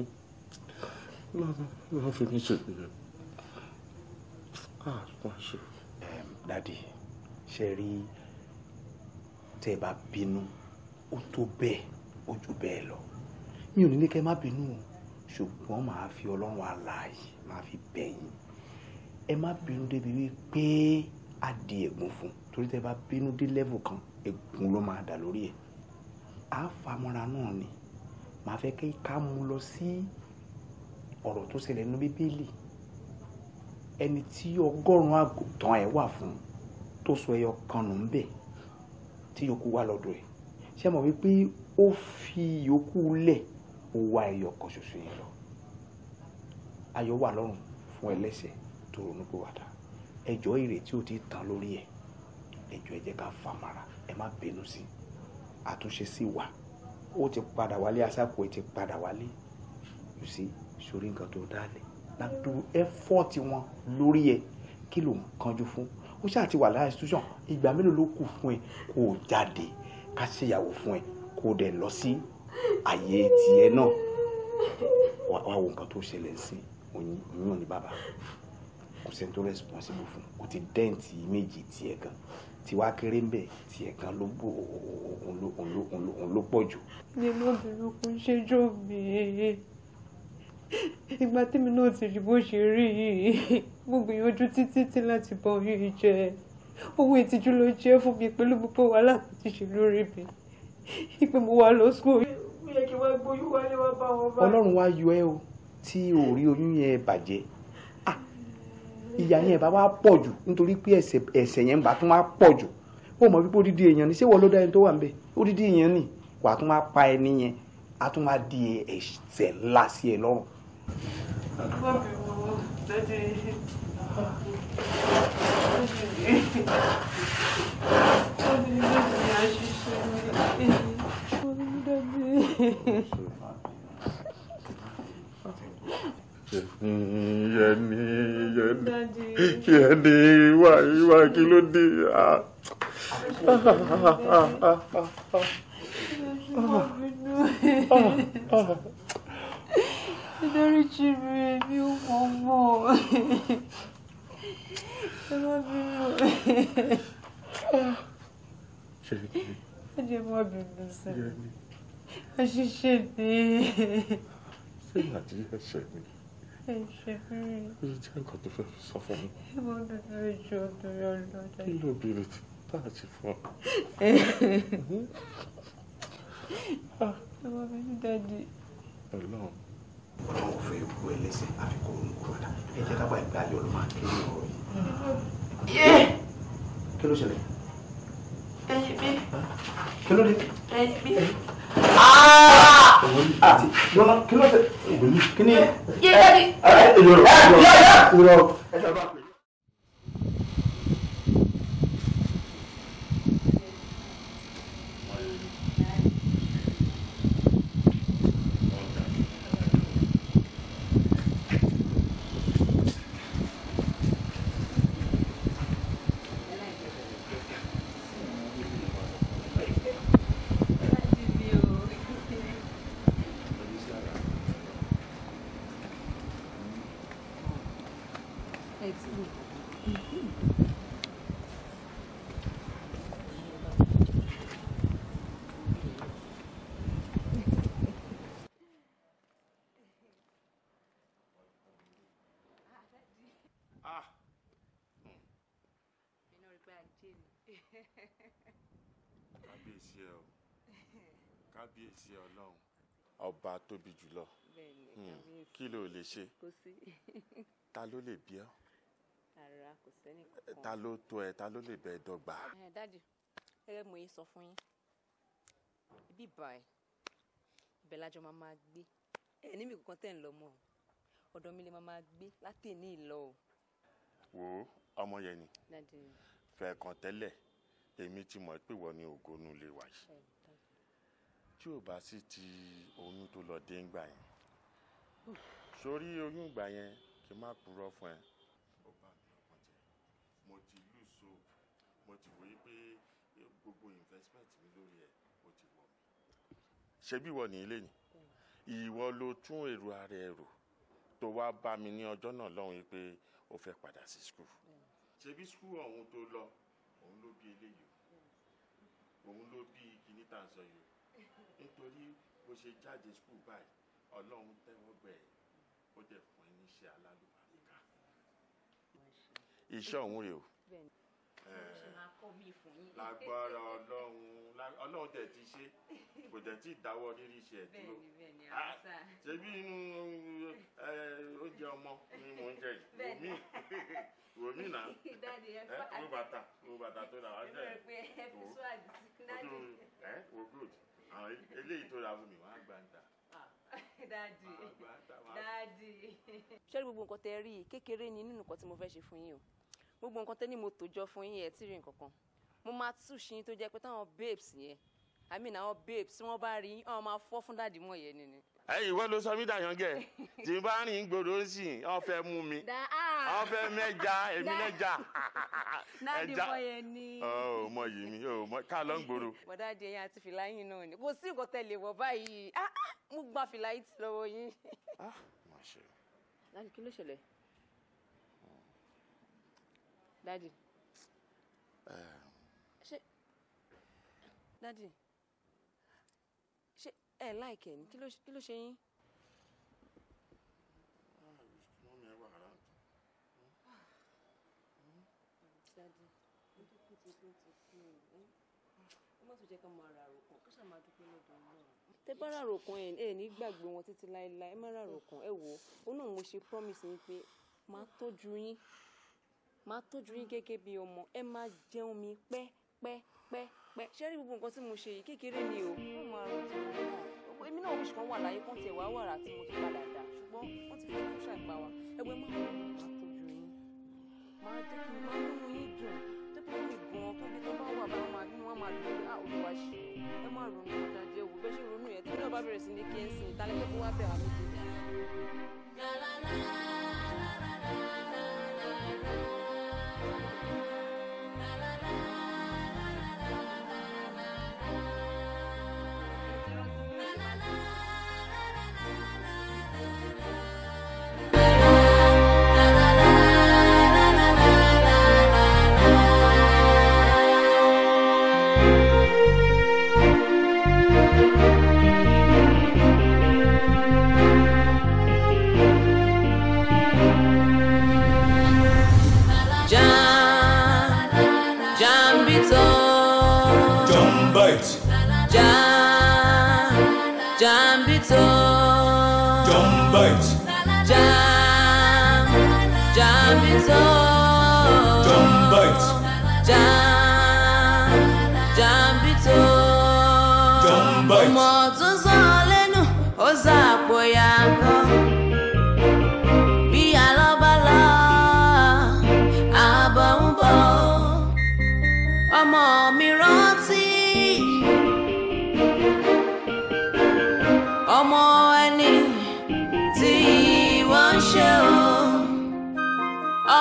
lọ́wọ́ fi mí ṣe nìyẹn àpò àṣọ. dadi ṣe rí tẹ́ ẹ bá bínú ó tó bẹ́ẹ̀ ó jù bẹ́ẹ̀ lọ mi ò ní ní kẹ́ má bínú o ṣùgbọ́n màá fi ọlọ́run àlàyé màá fi bẹ̀yìn ẹ má bínú débi wípé á di ègún fún torí tẹ́ bá bínú dé lẹ́vù kan ègún ló máa dà lórí ẹ̀ á famọ́ra náà ni màá fẹ́ kí ká mú lọ sí ọ̀rọ̀ tó ṣẹlẹ̀ nínú bíbélì ẹni tí ọgọ́rùn-ún àgùntàn ẹ̀ wà fún tó sọ ẹyọ kan nù ń bẹ̀ tí yòókù wà lọ́dọ̀ ẹ̀ ṣé mọ̀ wípé ó fi yòókù lẹ̀ ó wá ẹyọ kan ṣoṣo yẹn lọ ayọ̀ wà lọ́rùn fún ẹlẹ́ṣẹ̀ tó ronú pé wàdà ẹjọ́ èrè tí ò ti tán lórí ẹ̀ ẹjọ́ ẹ jẹ́ ká famara ẹ má bínú sí àtúnṣe sí wa ó ti padà wálé asáko ti padà wálé you see sórí nǹkan tó dálẹ̀ ládùúgbò ẹ́fọ́ọ̀tì wọn lórí ẹ̀ kí ló ń kanjú fún ó ṣáà ti wà lára institution ìgbà mélòó ló kù fún ẹ kó o jáde ká ṣèyàwó fún ẹ kó o dẹ̀ lọ sí àyè tiẹ̀ náà wàá wo nǹkan tó ṣẹlẹ̀ sí oyin ìyún bàbá kò sẹ́ni tó responsible fún kò ti dẹ́ǹtì méjì tiẹ̀ gan tiwa kéré ń bẹ̀ tiẹ̀ gan ló bò òun ló pọ̀ jù. ní mo bẹ̀rù kún ṣẹ́jọ́ mi ìgbà tèmi náà ti rí bó ṣe rí yìí mo gbìyànjú títí tí láti bọ yìí jẹ owó ìtìjú ló jẹ fún mi pẹ̀lú gbogbo wàhálà mi ti ṣe lórí mi ìpè mo wà lọ school. ó yẹ kí wọ́n gbóyún wálé wá bá wọn bá. ọlọ́run wá yọ ẹ́ o tí ò rí oyún yẹn bàjẹ́ ìyà yẹn bá wá pọ̀ jù nítorí pé ẹ̀ṣẹ̀ yẹn bá tún wá pọ̀ jù ó mọ̀ wípé odidi èèyàn ni ṣé wọ́n ló dá ẹni tó wà ń bẹ̀ odidi èèyàn ni wàá tún wá pa ẹni yẹn á tún wá di ẹ̀ṣẹ̀ ńlá sí ẹ lọ́rùn. Thank you. yẹni yẹni yẹni yẹni wá wá kí ló dé nítorí ah. chibiri mi ò mọ̀ mọ́ ẹ má bínú ẹ jẹ́ má bínú sẹ́yìn àṣìṣe ni. sẹ́yìn àti ẹ̀ṣẹ̀ mi. Ṣé jẹ́ nǹkan tó fẹ́ sọ fún mi? Mo dúdú ìṣó tó yọ lọ́dẹ. Kí ló bèrè tí tá a ti fọ́? Ọmọ mi ti dẹ́di. Ọlọ́run. Àwọn ò fẹ́ bu ẹlẹ́sẹ̀ àfikún olùkọ́ ọ̀dà. Ẹ jẹ́ dábàá ìgbà ayọ̀ ló kí ló ṣe kí ni. yíyá ni. ẹ ẹ ìrọ̀rùn. ẹ yọ yọ. sí ọlọ́run ọba tóbi jùlọ hmm, kí ló lè ṣe (laughs) ta ló lè bí ọ ara kò sẹ́ni eh, kankan. ta ló tó ẹ ta ló lè bẹ ẹ dọ́gba. Eh, dádì gẹ́gẹ́ mo yé sọ fún yín ibi ìbà ẹ̀ ibẹ̀ lájọ máa máa gbé ẹ níbi kankan tẹ̀ ń lọ mọ́ ọ̀dọ̀ mi lè máa máa gbé láti ní ìlọ o. wo ọmọ yẹn ni fẹ̀ẹ̀kan tẹ́lẹ̀ èmi ti mọ̀ pé wọ́n ní ògo nulẹ̀ wáyé tí ò bá sì ti oyún tó lọ dé ńgbà yẹn sórí oyún ìgbà yẹn kí n má purọ́ fún ẹ. ó bá mi ọkàn jẹ mo ti lù so mo ti wòye pé gbogbo investment mi lórí ẹ ó ti wọ mi. ṣebí ìwọ ní ilé ni ìwọ ló tún èrò ara ẹ rò tó wá bá mi ní ọjọ́ náà lọ́hùn yìí pé ó fẹ́ padà sí skul. ṣebí skul ọ̀hún tó lọ òun ló bí eléyìí òun ló bí kíní tà ń sọ yìí nítorí bó ṣe jáde skul báyìí ọlọ́run tẹ́wọ́ gbẹ̀ ó dẹ̀ fún ẹ níṣẹ́ alálùbáríkà. iṣẹ́ ọ̀hún rèé o lágbára ọlọ́run ọlọ́run tẹ̀ ti ṣe kò tẹ̀ tí ìdáwọ́ rírí ṣe dúró ah, ṣebí inú oúnjẹ ọmọ ni mò ń jẹ yìí wòmí wòmí náà bàtà wo bàtà tó dà wá jẹ yìí wo good eléyìí tó ra fún mi wọn á gbà ń tà dadi dadi. ṣé gbogbo nǹkan tẹ rí i kékeré ni nínú nǹkan tí mo fẹ́ ṣe fún yín o gbogbo nǹkan tẹ ní mo tò jọ fún yín ẹ tí rí nǹkan kan mo máa tù sí yín tó jẹ́ pé táwọn babes yẹn i mean àwọn babes tí wọ́n bá rí wọn máa fọ́ fún dáàdì mọ̀ yẹn nínú. ẹyìn ìwọ ló sọ mí dàyàn gẹ (laughs) tí n bá rìn gbòòrò sí i wọn fẹ́ mú mi ah. wọn fẹ́ mẹja èmi lẹja (laughs) ẹja ọ mọ yìí mi ọ mọ ká lọ ń gbòòrò. bọ̀dáàdì ẹ̀yìn àti fìlàyìn náà ni kò sí nǹkan tẹ̀lé wọ̀ báyìí ah, ah, mo gba fìlàyìn ti lọ́wọ́ yín. (laughs) dáàdì kí ló ṣẹlẹ̀ dáàdì ṣe ẹ láìkẹ ní kí ló ṣe yín. Dadi, mo dúpẹ́ tí pé ti kú ẹ̀ ẹ má tún jẹ́ ká máa ra àròkàn ká tẹ bá ra àròkàn ẹ ẹ ní gbàgbé wọn títí láéláé ẹ má ra àròkàn ẹ wò ó náà mo ṣe promise yín pé máa tọ́jú yín máa tọ́jú yín gẹ́gẹ́ bí ọmọ ẹ máa jẹun mi pẹ́ pẹ́ pẹ́ pẹ́ ṣé rí gbogbo nǹkan tí mo ṣe yìí kékeré ni o mo máa rò tó mọ̀ èmi náà oṣù kan wà láyé kán tiẹ̀ wá wàrà tí mo fi padà dà ṣùgbọ́n wọ́n ti fẹ́ kó ṣàgbà wa ẹgbẹ́ máa ń wọ́n máa tọ́jú yín máa jẹ́ kí n máa múnú yín dùn tó kó lè gan tó bí tó bá wà bá wọn ni wọ́n máa dùn á ah, olùwà ṣe ẹ má ronú ọ̀dà jẹ́ òwú bẹ́ẹ̀ ṣe ronú yẹn tí wọ́n bá bẹ̀rẹ̀ sí ní kí n sìn ìtàlẹ́kẹ́ No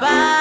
bye.